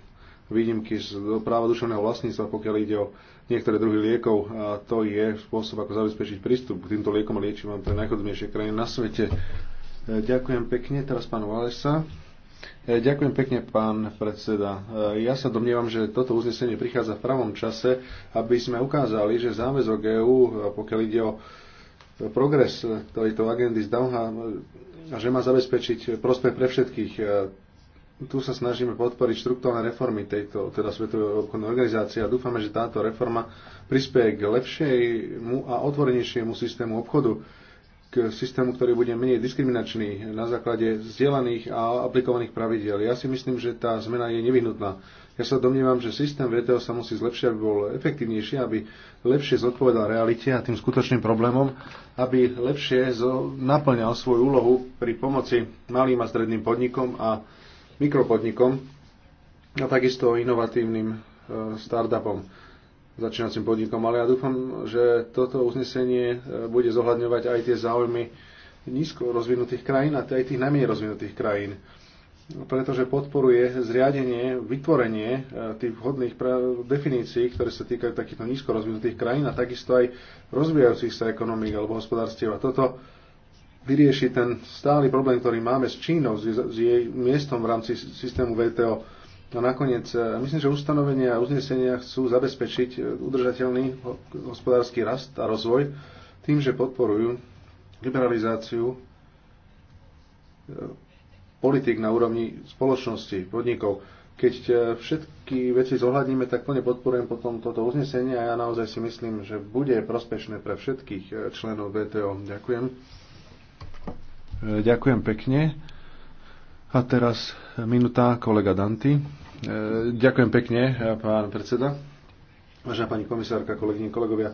výnimky z práva duševného vlastníctva, pokiaľ ide o niektoré druhy liekov. A to je spôsob, ako zabezpečiť prístup k týmto liekom a liečivám pre najchodnejšie krajiny na svete. Eh, ďakujem pekne. Teraz pán Valesa. Eh, ďakujem pekne, pán predseda. Eh, ja sa domnievam, že toto uznesenie prichádza v pravom čase, aby sme ukázali, že záväzok EÚ, eh, pokiaľ ide o progres tejto agendy z Dauha, a že má zabezpečiť prospech pre všetkých. Tu sa snažíme podporiť štruktúrne reformy tejto teda Svetovej obchodnej organizácie a dúfame, že táto reforma prispieje k lepšiemu a otvorenejšiemu systému obchodu systému, ktorý bude menej diskriminačný na základe vzdelaných a aplikovaných pravidel. Ja si myslím, že tá zmena je nevyhnutná. Ja sa domnievam, že systém VTO sa musí zlepšiť, aby bol efektívnejší, aby lepšie zodpovedal realite a tým skutočným problémom, aby lepšie naplňal svoju úlohu pri pomoci malým a stredným podnikom a mikropodnikom a takisto inovatívnym e, startupom začínacím podnikom, ale ja dúfam, že toto uznesenie e, bude zohľadňovať aj tie záujmy nízko rozvinutých krajín a aj tých najmenej rozvinutých krajín, pretože podporuje zriadenie, vytvorenie e, tých vhodných definícií, ktoré sa týkajú takýchto nízko rozvinutých krajín a takisto aj rozvíjajúcich sa ekonomík alebo hospodárstiev. A toto vyrieši ten stály problém, ktorý máme s Čínou, s jej miestom v rámci systému VTO a no nakoniec, e, myslím, že ustanovenia a uznesenia chcú zabezpečiť e, udržateľný hospodársky rast a rozvoj tým, že podporujú liberalizáciu e, politik na úrovni spoločnosti, podnikov. Keď všetky veci zohľadníme, tak plne podporujem potom toto uznesenie a ja naozaj si myslím, že bude prospešné pre všetkých členov VTO. Ďakujem. Ďakujem pekne. A teraz minutá kolega Danty. E, ďakujem pekne, e, pán predseda. Vážená pani komisárka, kolegyne, kolegovia.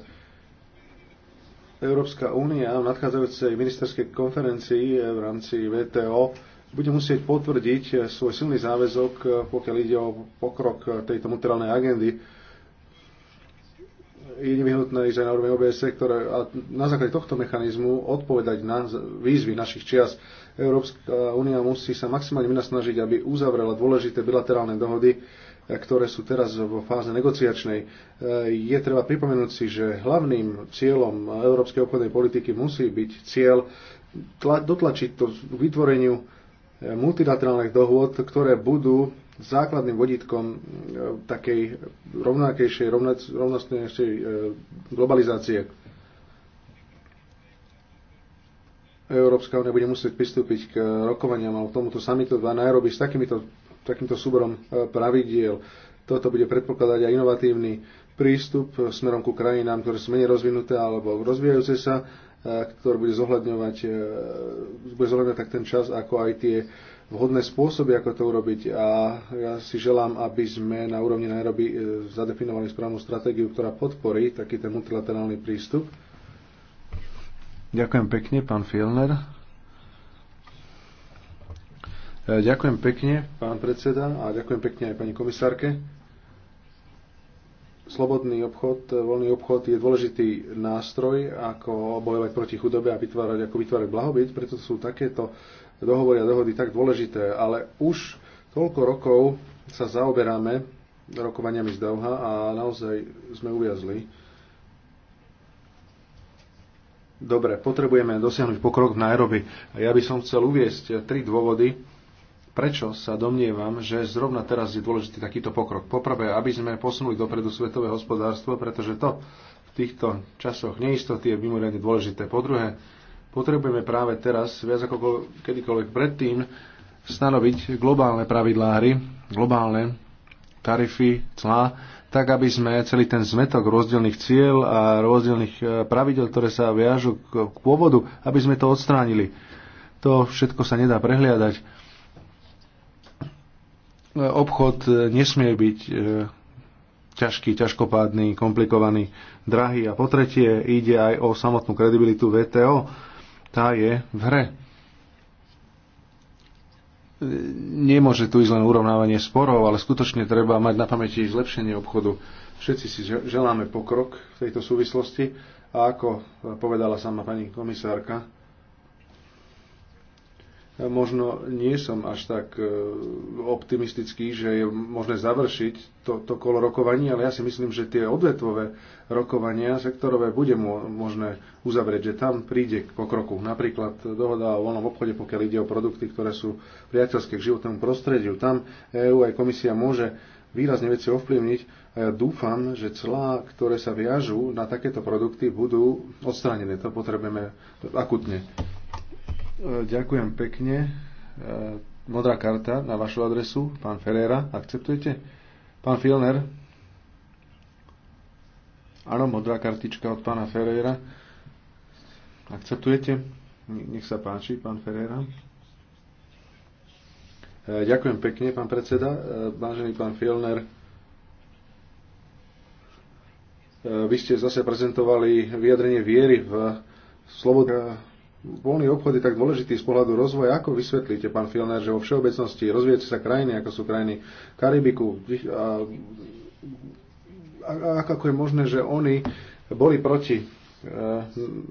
Európska únia v nadchádzajúcej ministerskej konferencii e, v rámci VTO bude musieť potvrdiť svoj silný záväzok, pokiaľ ide o pokrok tejto muterálnej agendy. Je nevyhnutné ísť aj na úroveň OBS, ktoré a na základe tohto mechanizmu odpovedať na výzvy našich čias Európska únia musí sa maximálne vynasnažiť, aby uzavrela dôležité bilaterálne dohody, e, ktoré sú teraz vo fáze negociačnej. E, je treba pripomenúť si, že hlavným cieľom európskej obchodnej politiky musí byť cieľ dotlačiť to k vytvoreniu e, multilaterálnych dohôd, ktoré budú základným vodítkom takej rovnakejšej, rovnostnejšej globalizácie. Európska únia bude musieť pristúpiť k rokovaniam alebo tomuto samitu a Nairobi s takýmito, takýmto súborom e, pravidiel. Toto bude predpokladať aj inovatívny prístup smerom ku krajinám, ktoré sú menej rozvinuté alebo rozvíjajúce sa, e, ktoré bude zohľadňovať, e, bude zohľadňovať tak ten čas, ako aj tie vhodné spôsoby, ako to urobiť. A ja si želám, aby sme na úrovni Nairobi zadefinovali správnu stratégiu, ktorá podporí taký ten multilaterálny prístup. Ďakujem pekne, pán Fielner. E, ďakujem pekne, pán predseda, a ďakujem pekne aj pani komisárke. Slobodný obchod, voľný obchod je dôležitý nástroj, ako bojovať proti chudobe a vytvárať, ako vytvárať blahobyt, preto sú takéto dohovory a dohody tak dôležité. Ale už toľko rokov sa zaoberáme rokovaniami z Dauha a naozaj sme uviazli Dobre, potrebujeme dosiahnuť pokrok v Nairobi. A ja by som chcel uviesť tri dôvody, prečo sa domnievam, že zrovna teraz je dôležitý takýto pokrok. Poprvé, aby sme posunuli dopredu svetové hospodárstvo, pretože to v týchto časoch neistoty je mimoriadne dôležité. Po druhé, potrebujeme práve teraz, viac ako kedykoľvek predtým, stanoviť globálne pravidlá hry, globálne tarify, clá, tak aby sme celý ten zmetok rozdielných cieľ a rozdielných e, pravidel, ktoré sa viažu k pôvodu, aby sme to odstránili. To všetko sa nedá prehliadať. E, obchod e, nesmie byť ťažký, ťažkopádny, komplikovaný, drahý. A po tretie ide aj o samotnú kredibilitu VTO. Tá je v hre nemôže tu ísť len urovnávanie sporov, ale skutočne treba mať na pamäti zlepšenie obchodu. Všetci si želáme pokrok v tejto súvislosti a ako povedala sama pani komisárka, E, možno nie som až tak e, optimistický, že je možné završiť to, to kolo rokovaní, ale ja si myslím, že tie odvetvové rokovania sektorové bude možné uzavrieť, že tam príde k pokroku. Napríklad dohoda o voľnom obchode, pokiaľ ide o produkty, ktoré sú priateľské k životnému prostrediu. Tam EÚ aj komisia môže výrazne veci ovplyvniť a ja dúfam, že clá, ktoré sa viažú na takéto produkty, budú odstránené. To potrebujeme akutne. E, ďakujem pekne. E, modrá karta na vašu adresu, pán Ferreira, akceptujete? Pán Filner? Áno, modrá kartička od pána Ferreira. Akceptujete? Nech sa páči, pán Ferreira. E, ďakujem pekne, pán predseda. Vážený pán Fielner, vy ste zase prezentovali vyjadrenie viery v slobodu voľný obchod je tak dôležitý z pohľadu rozvoja. Ako vysvetlíte, pán Filner, že vo všeobecnosti rozvíjajúce sa krajiny, ako sú krajiny Karibiku, a, a, ako je možné, že oni boli proti e,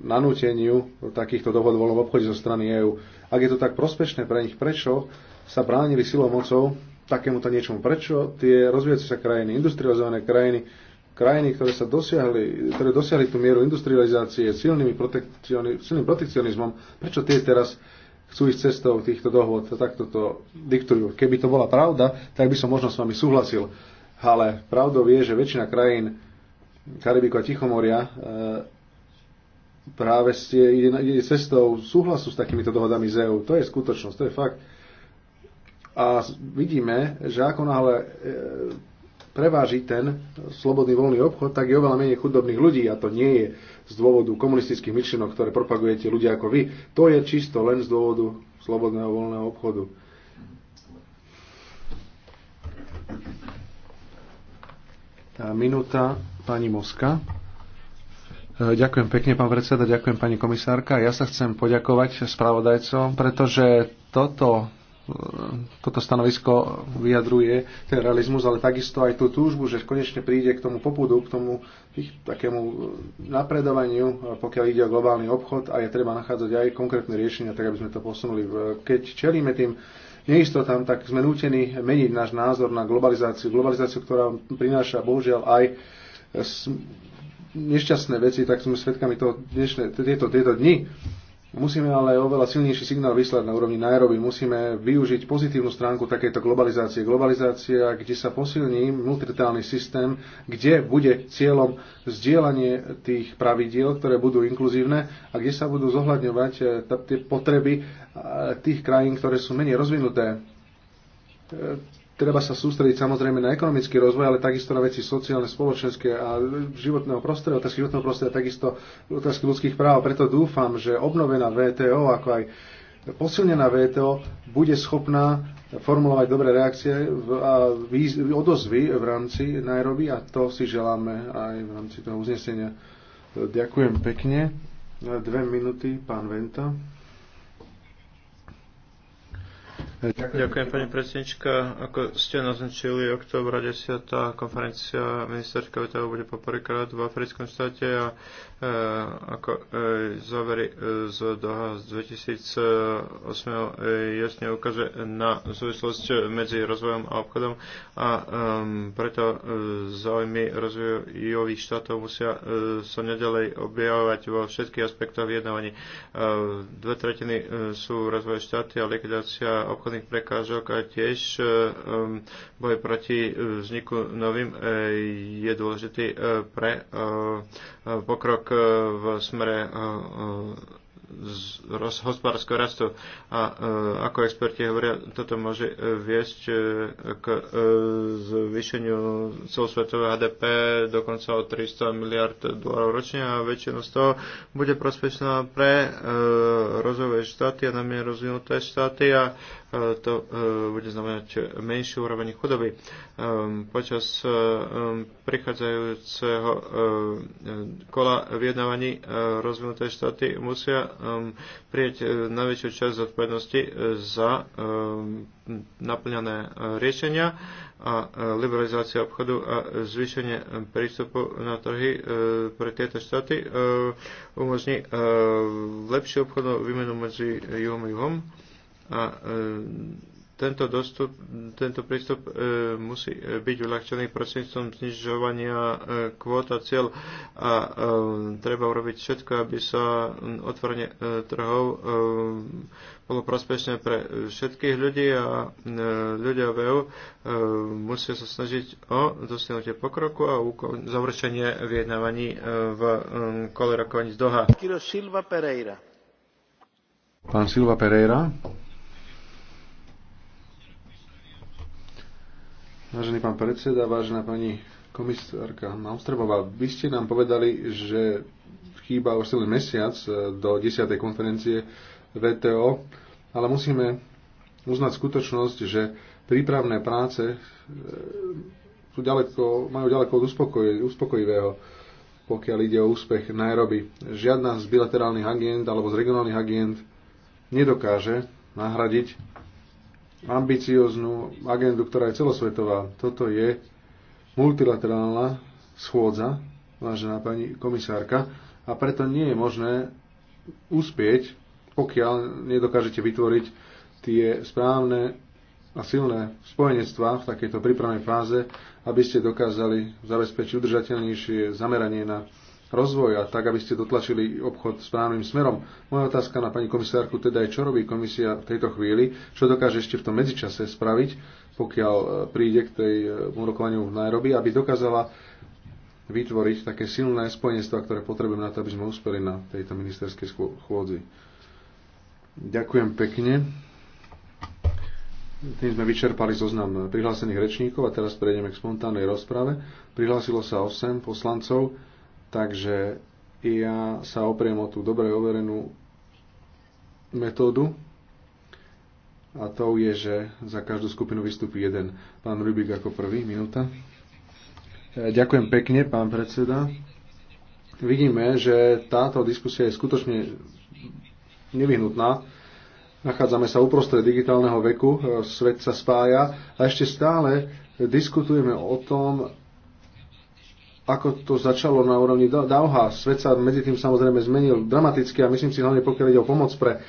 nanúteniu takýchto dohod voľnom obchode zo strany EÚ. Ak je to tak prospešné pre nich, prečo sa bránili silou mocou takémuto niečomu? Prečo tie rozvíjajúce sa krajiny, industrializované krajiny krajiny, ktoré sa dosiahli, ktoré dosiahli tú mieru industrializácie silnými protekcioni, silným protekcionizmom, prečo tie teraz chcú ísť cestou týchto dohôd a takto to diktujú. Keby to bola pravda, tak by som možno s vami súhlasil. Ale pravdou je, že väčšina krajín Karibiku a Tichomoria e, práve ste, ide, ide cestou súhlasu s takýmito dohodami z EU. To je skutočnosť, to je fakt. A vidíme, že ako náhle e, preváži ten slobodný voľný obchod, tak je oveľa menej chudobných ľudí a to nie je z dôvodu komunistických myšlienok, ktoré propagujete ľudia ako vy. To je čisto len z dôvodu slobodného voľného obchodu. Minúta pani Moska. E, ďakujem pekne, pán predseda, ďakujem pani komisárka. Ja sa chcem poďakovať spravodajcom, pretože toto toto stanovisko vyjadruje ten realizmus, ale takisto aj tú túžbu, že konečne príde k tomu popudu, k tomu ich, takému napredovaniu, pokiaľ ide o globálny obchod a je treba nachádzať aj konkrétne riešenia, tak aby sme to posunuli. Keď čelíme tým neistotám, tak sme nútení meniť náš názor na globalizáciu. Globalizáciu, ktorá prináša bohužiaľ aj nešťastné veci, tak sme svedkami toho dnešné, tieto, tieto dni Musíme ale oveľa silnejší signál vyslať na úrovni Nairobi. Musíme využiť pozitívnu stránku takejto globalizácie. Globalizácia, kde sa posilní multilaterálny systém, kde bude cieľom zdieľanie tých pravidiel, ktoré budú inkluzívne a kde sa budú zohľadňovať e, tie potreby e, tých krajín, ktoré sú menej rozvinuté e, treba sa sústrediť samozrejme na ekonomický rozvoj, ale takisto na veci sociálne, spoločenské a životného prostredia, otázky životného prostredia, takisto otázky ľudských práv. Preto dúfam, že obnovená VTO, ako aj posilnená VTO, bude schopná formulovať dobré reakcie a odozvy v rámci Nairobi a to si želáme aj v rámci toho uznesenia. Ďakujem pekne. Dve minúty, pán Venta. Ďakujem, Ďakujem pani predsednička. Ako ste naznačili, oktobra 10. konferencia ministerská VTO bude poprvýkrát v africkom štáte a e, ako e, závery e, z Doha z 2008 e, jasne ukáže na súvislosť medzi rozvojom a obchodom a e, preto e, záujmy rozvojových štátov musia e, sa nedalej objavovať vo všetkých aspektoch vyjednávaní. E, dve tretiny e, sú rozvoje štáty a likvidácia obchodov obchodných prekážok a tiež e, boj proti e, vzniku novým e, je dôležitý pre pokrok v smere hospodárskeho rastu. A ako experti hovoria, toto môže viesť k zvýšeniu celosvetového HDP dokonca o 300 miliard dolárov ročne a väčšina z toho bude prospešná pre rozvojové štáty a najmenej rozvinuté štáty a E, to e, bude znamenať menšiu úroveň chudoby. E, počas prichádzajúceho kola vyjednávaní rozvinuté štáty musia prieť väčšiu časť zodpovednosti za naplňané riešenia a liberalizácia obchodu a zvýšenie prístupu na trhy pre tieto štáty umožní lepšiu obchodnú výmenu medzi juhom a juhom a e, tento, dostup, tento prístup e, musí e, byť uľahčený prostredníctvom znižovania kvót a cieľ a treba urobiť všetko, aby sa otvorenie trhov bolo prospešné pre všetkých ľudí a ľudia v EU musia sa snažiť o dosiahnutie pokroku a završenie vyjednávaní v kole rokovaní z Doha. Pán Silva Pereira. Vážený pán predseda, vážená pani komisárka Malmstrebová, vy ste nám povedali, že chýba už celý mesiac e, do 10. konferencie VTO, ale musíme uznať skutočnosť, že prípravné práce e, sú ďaleko, majú ďaleko od uspokojivého, pokiaľ ide o úspech Nairobi. Žiadna z bilaterálnych agent alebo z regionálnych agent nedokáže nahradiť ambicióznu agendu, ktorá je celosvetová. Toto je multilaterálna schôdza, vážená pani komisárka, a preto nie je možné uspieť, pokiaľ nedokážete vytvoriť tie správne a silné spojenectvá v takejto prípravnej fáze, aby ste dokázali zabezpečiť udržateľnejšie zameranie na a tak aby ste dotlačili obchod správnym smerom. Moja otázka na pani komisárku teda je, čo robí komisia v tejto chvíli, čo dokáže ešte v tom medzičase spraviť, pokiaľ e, príde k tej e, rokovaniu v Nairobi, aby dokázala vytvoriť také silné spojenstva, ktoré potrebujeme na to, aby sme uspeli na tejto ministerskej schôdzi. Ďakujem pekne. Tým sme vyčerpali zoznam prihlásených rečníkov a teraz prejdeme k spontánnej rozprave. Prihlásilo sa 8 poslancov. Takže ja sa opriem o tú dobre overenú metódu a to je, že za každú skupinu vystúpi jeden. Pán Rubik ako prvý, minúta. E, ďakujem pekne, pán predseda. Vidíme, že táto diskusia je skutočne nevyhnutná. Nachádzame sa uprostred digitálneho veku, e, svet sa spája a ešte stále diskutujeme o tom, ako to začalo na úrovni Dauha. Svet sa medzi tým samozrejme zmenil dramaticky a myslím si hlavne pokiaľ ide o pomoc pre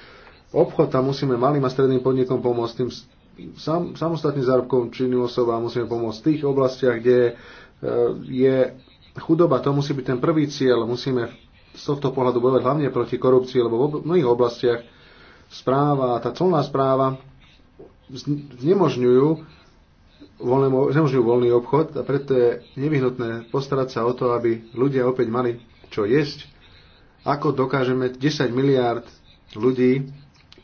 obchod, tam musíme malým a stredným podnikom pomôcť tým sam, samostatným zárobkom činným osobám, musíme pomôcť v tých oblastiach, kde e, je chudoba, to musí byť ten prvý cieľ, musíme z tohto pohľadu bojovať hlavne proti korupcii, lebo v mnohých oblastiach správa, tá colná správa znemožňujú voľnému, znemožňujú voľný obchod a preto je nevyhnutné postarať sa o to, aby ľudia opäť mali čo jesť. Ako dokážeme 10 miliárd ľudí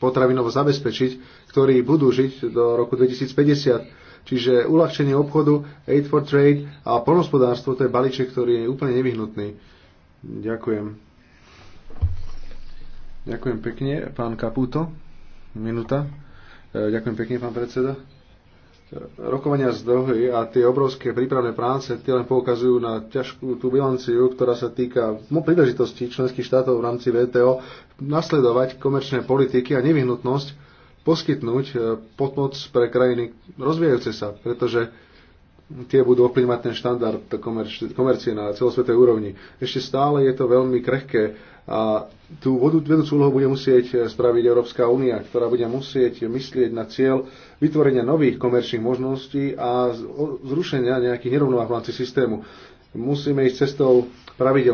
potravinovo zabezpečiť, ktorí budú žiť do roku 2050. Čiže uľahčenie obchodu, aid for trade a polnospodárstvo, to je balíček, ktorý je úplne nevyhnutný. Ďakujem. Ďakujem pekne, pán Kaputo. Minúta. E, ďakujem pekne, pán predseda rokovania z Dohy a tie obrovské prípravné práce, tie len poukazujú na ťažkú tú bilanciu, ktorá sa týka príležitosti členských štátov v rámci VTO nasledovať komerčné politiky a nevyhnutnosť poskytnúť eh, pomoc pre krajiny rozvíjajúce sa, pretože tie budú ovplyvňovať ten štandard komercie na celosvetovej úrovni. Ešte stále je to veľmi krehké a tú vedúcu úlohu bude musieť spraviť Európska únia, ktorá bude musieť myslieť na cieľ vytvorenia nových komerčných možností a zrušenia nejakých nerovnováh v rámci systému. Musíme ísť cestou pravidel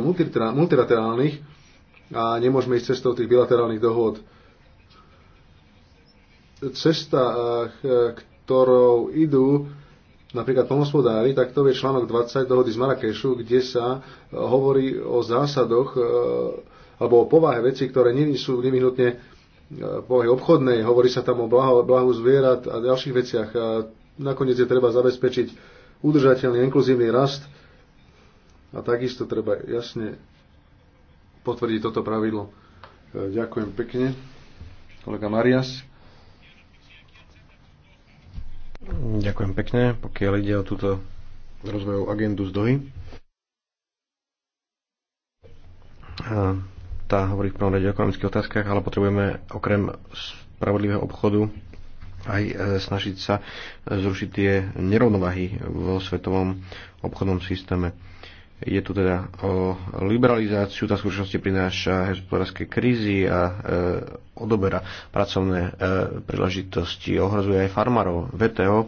multilaterálnych a nemôžeme ísť cestou tých bilaterálnych dohôd. Cesta, eh, ktorou idú napríklad pomospodári, tak to je článok 20 dohody z Marrakešu, kde sa e, hovorí o zásadoch e, alebo o povahe veci, ktoré nie sú nevyhnutne e, povahy obchodnej. Hovorí sa tam o blahu, blahu zvierat a ďalších veciach. A nakoniec je treba zabezpečiť udržateľný inkluzívny rast a takisto treba jasne potvrdiť toto pravidlo. Ďakujem pekne. Kolega Marias. Ďakujem pekne, pokiaľ ide o túto rozvojovú agendu z Dohy. Tá hovorí v prvom rade o ekonomických otázkach, ale potrebujeme okrem spravodlivého obchodu aj e, snažiť sa zrušiť tie nerovnováhy vo svetovom obchodnom systéme je tu teda o liberalizáciu, tá skutočnosti prináša hospodárske krízy a e, odoberá pracovné e, príležitosti, ohrozuje aj farmárov. VTO e,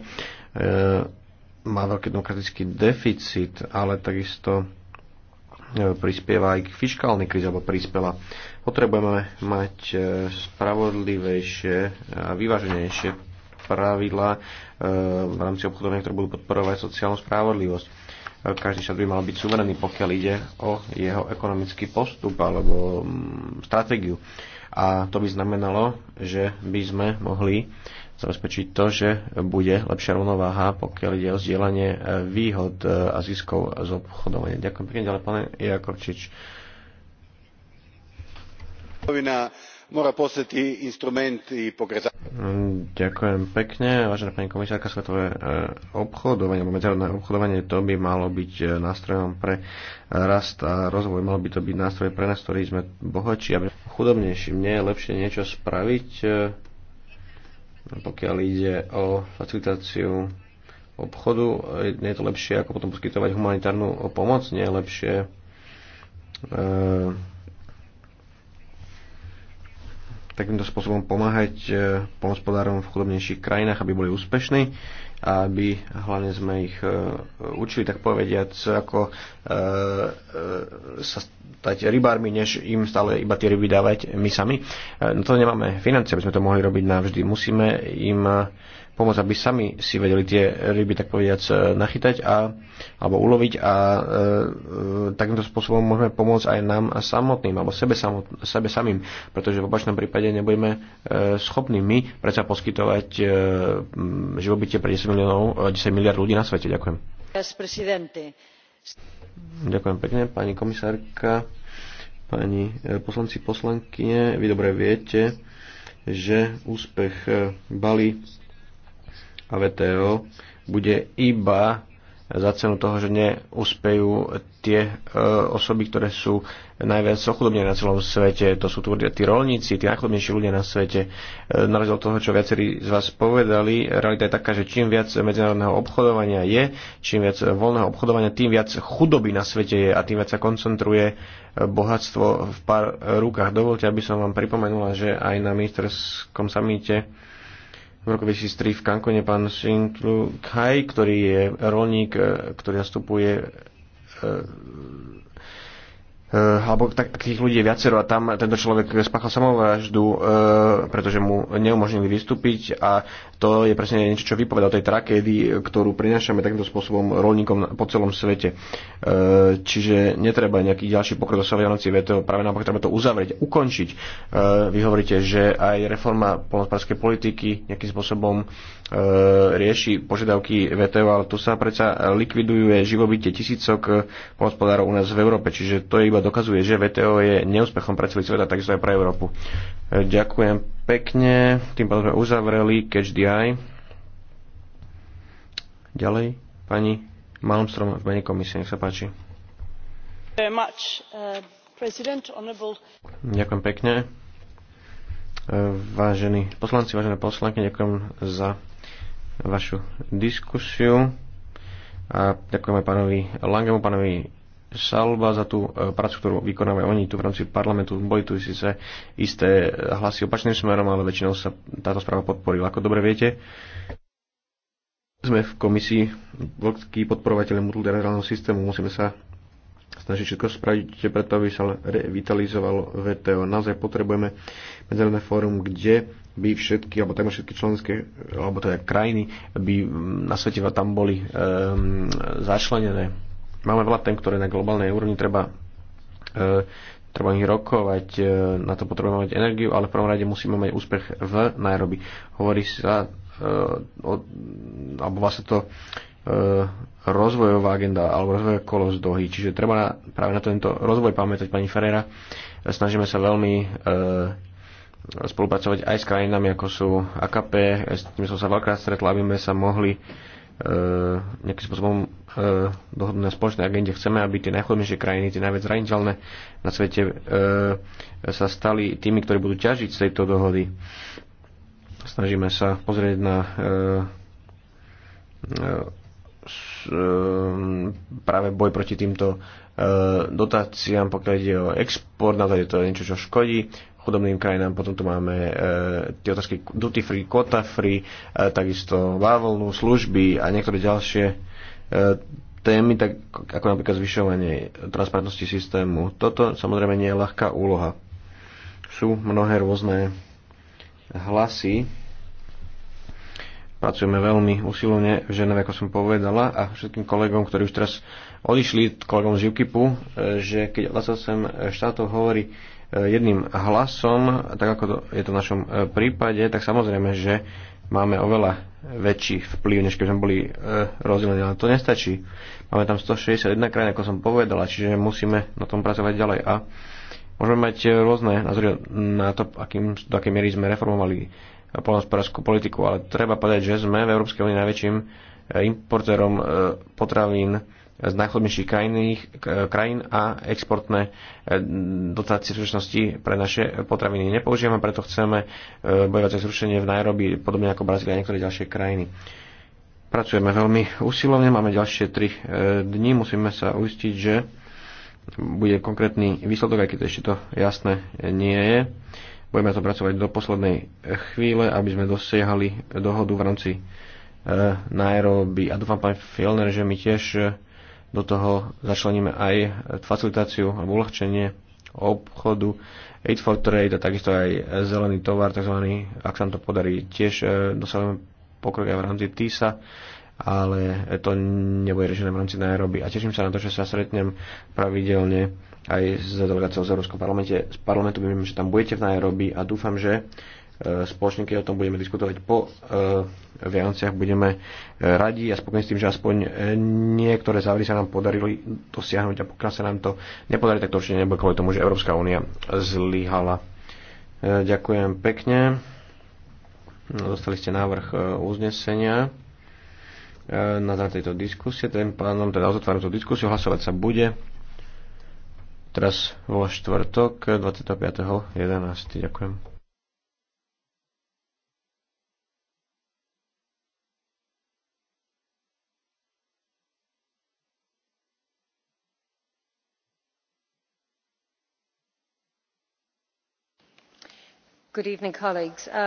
má veľký demokratický deficit, ale takisto e, prispieva aj k fiskálnej kríze, alebo prispela. Potrebujeme mať e, spravodlivejšie a vyváženejšie pravidla e, v rámci obchodovania, ktoré budú podporovať sociálnu spravodlivosť každý štát by mal byť suverený, pokiaľ ide o jeho ekonomický postup alebo mm, stratégiu. A to by znamenalo, že by sme mohli zabezpečiť to, že bude lepšia rovnováha, pokiaľ ide o zdieľanie e, výhod e, a ziskov z obchodovania. Ďakujem pekne, ďalej pane Jakovčič mora postati instrument i pokretač. Ďakujem pekne. Vážená pani komisárka, svetové e, obchodovanie, alebo medzinárodné obchodovanie, to by malo byť e, nástrojom pre rast a rozvoj. Malo by to byť nástroj pre nás, ktorý sme bohatší a chudobnejší. Mne je lepšie niečo spraviť, e, pokiaľ ide o facilitáciu obchodu. Nie je to lepšie, ako potom poskytovať humanitárnu pomoc. Nie je lepšie e takýmto spôsobom pomáhať e, polnospodárom v chudobnejších krajinách, aby boli úspešní a aby hlavne sme ich e, učili, tak povediať, ako e, sa stať rybármi, než im stále iba tie ryby dávať my sami. No to nemáme financie, aby sme to mohli robiť navždy. Musíme im pomôcť, aby sami si vedeli tie ryby, tak povediac, e, nachytať a, alebo uloviť a e, e, takýmto spôsobom môžeme pomôcť aj nám samotným, alebo sebe, samot, sebe samým, pretože v opačnom prípade nebudeme e, schopní my predsa poskytovať e, živobytie pre 10, miliónov, 10 e, miliard ľudí na svete. Ďakujem. Ďakujem pekne, pani komisárka pani poslanci, poslankyne, vy dobre viete, že úspech Bali a VTO bude iba za cenu toho, že neúspejú tie e, osoby, ktoré sú najviac ochudobnené na celom svete. To sú tvrdia tí rolníci, tí najchudobnejší ľudia na svete. E, na rozdiel toho, čo viacerí z vás povedali, realita je taká, že čím viac medzinárodného obchodovania je, čím viac voľného obchodovania, tým viac chudoby na svete je a tým viac sa koncentruje e, bohatstvo v pár rukách. Dovolte, aby som vám pripomenula, že aj na ministerskom samíte v roku 2003 v Kankone pán Sintlu Kai, ktorý je rolník, e, ktorý nastupuje e, Eh, alebo tak, takých ľudí je viacero a tam tento človek spáchal samovraždu, eh, pretože mu neumožnili vystúpiť a to je presne niečo, čo vypoveda o tej tragédii, ktorú prinášame takýmto spôsobom rolníkom po celom svete. Eh, čiže netreba nejaký ďalší pokrok dosahov Vianoci VTO, práve naopak treba to uzavrieť, ukončiť. vy hovoríte, že aj reforma polnospárskej politiky nejakým spôsobom E, rieši požiadavky VTO, ale tu sa predsa likviduje živobytie tisícok hospodárov u nás v Európe, čiže to iba dokazuje, že VTO je neúspechom pre celý svet a takisto aj pre Európu. E, ďakujem pekne, tým pádom sme uzavreli Catch the Eye. Ďalej, pani Malmstrom v mene komisie, nech sa páči. Uh, ďakujem pekne. E, vážení poslanci, vážené poslanky, ďakujem za vašu diskusiu a ďakujeme pánovi Langemu, pánovi Salba za tú e, prácu, ktorú vykonávajú oni tu v rámci parlamentu. Boli tu síce isté hlasy opačným smerom, ale väčšinou sa táto správa podporila. Ako dobre viete, sme v komisii vlhkí podporovateľe multilaterálneho systému. Musíme sa snaží všetko spraviť preto, aby sa revitalizovalo VTO. Naozaj potrebujeme medzinárodné fórum, kde by všetky, alebo takmer všetky členské, alebo teda krajiny, by na svete tam boli um, začlenené. Máme veľa tém, ktoré na globálnej úrovni treba uh, treba ich rokovať, e, na to potrebujeme mať energiu, ale v prvom rade musíme mať úspech v Nairobi. Hovorí sa, e, o, alebo vlastne to E, rozvojová agenda alebo rozvojové kolo z Dohy. Čiže treba na, práve na tento rozvoj pamätať, pani Ferreira. Snažíme sa veľmi e, spolupracovať aj s krajinami, ako sú AKP. S tým som sa veľkrát stretla, aby sme sa mohli e, nejakým spôsobom e, dohodnúť na spoločnej agende. Chceme, aby tie najchodnejšie krajiny, tie najviac zraniteľné na svete e, sa stali tými, ktorí budú ťažiť z tejto dohody. Snažíme sa pozrieť na e, e Ehm, práve boj proti týmto ehm, dotáciám, pokiaľ ide o export, naozaj je to niečo, čo škodí chudobným krajinám, potom tu máme e, tie otázky duty free, quota free, e, takisto vávolnú služby a niektoré ďalšie e, témy, tak ako napríklad zvyšovanie transparentnosti systému. Toto samozrejme nie je ľahká úloha. Sú mnohé rôzne hlasy, Pracujeme veľmi usilovne v Ženeve, ako som povedala, a všetkým kolegom, ktorí už teraz odišli, kolegom z UKIPu, e, že keď 28 štátov hovorí e, jedným hlasom, tak ako je to v našom e, prípade, tak samozrejme, že máme oveľa väčší vplyv, než keď sme boli rozdelení, ale to nestačí. Máme tam 161 krajín, ako som povedala, čiže musíme na tom pracovať ďalej a môžeme mať rôzne názory na to, akým, do akej miery sme reformovali polnospodárskú politiku. Ale treba povedať, že sme v Európskej únii najväčším e, importérom e, potravín z najchodnejších e, krajín a exportné dotácie v súčasnosti pre naše potraviny nepoužívame, preto chceme bojovať za zrušenie v Nairobi, podobne ako Brazília a niektoré ďalšie krajiny. Pracujeme veľmi usilovne, máme ďalšie tri dni, musíme sa uistiť, že bude konkrétny výsledok, aj keď ešte to jasné nie je. Budeme to pracovať do poslednej eh, chvíle, aby sme dosiahali dohodu v rámci e, Nairobi. A dúfam, pán Fielner, že my tiež eh, do toho začleníme aj facilitáciu alebo uľahčenie obchodu Aid for Trade a takisto aj zelený tovar, tzv. ak sa nám to podarí, tiež dosahujeme pokrok aj v rámci TISA, ale to nebude riešené v rámci Nairobi. A teším sa na to, že sa stretnem pravidelne aj za delegáciou z Európskom parlamente, z parlamentu. Viem, že tam budete v Nairobi a dúfam, že e, spoločne, keď o tom budeme diskutovať po e, Vianociach, budeme e, radi a spokojní s tým, že aspoň niektoré závery sa nám podarili dosiahnuť a pokiaľ sa nám to nepodarí, tak to určite nebude kvôli tomu, že Európska únia zlyhala. Ďakujem pekne. Dostali ste návrh uznesenia na tejto diskusie. Ten pánom teda uzatváram tú diskusiu. Hlasovať sa bude teraz vo štvrtok 25.11. Ďakujem. good evening colleagues. Um,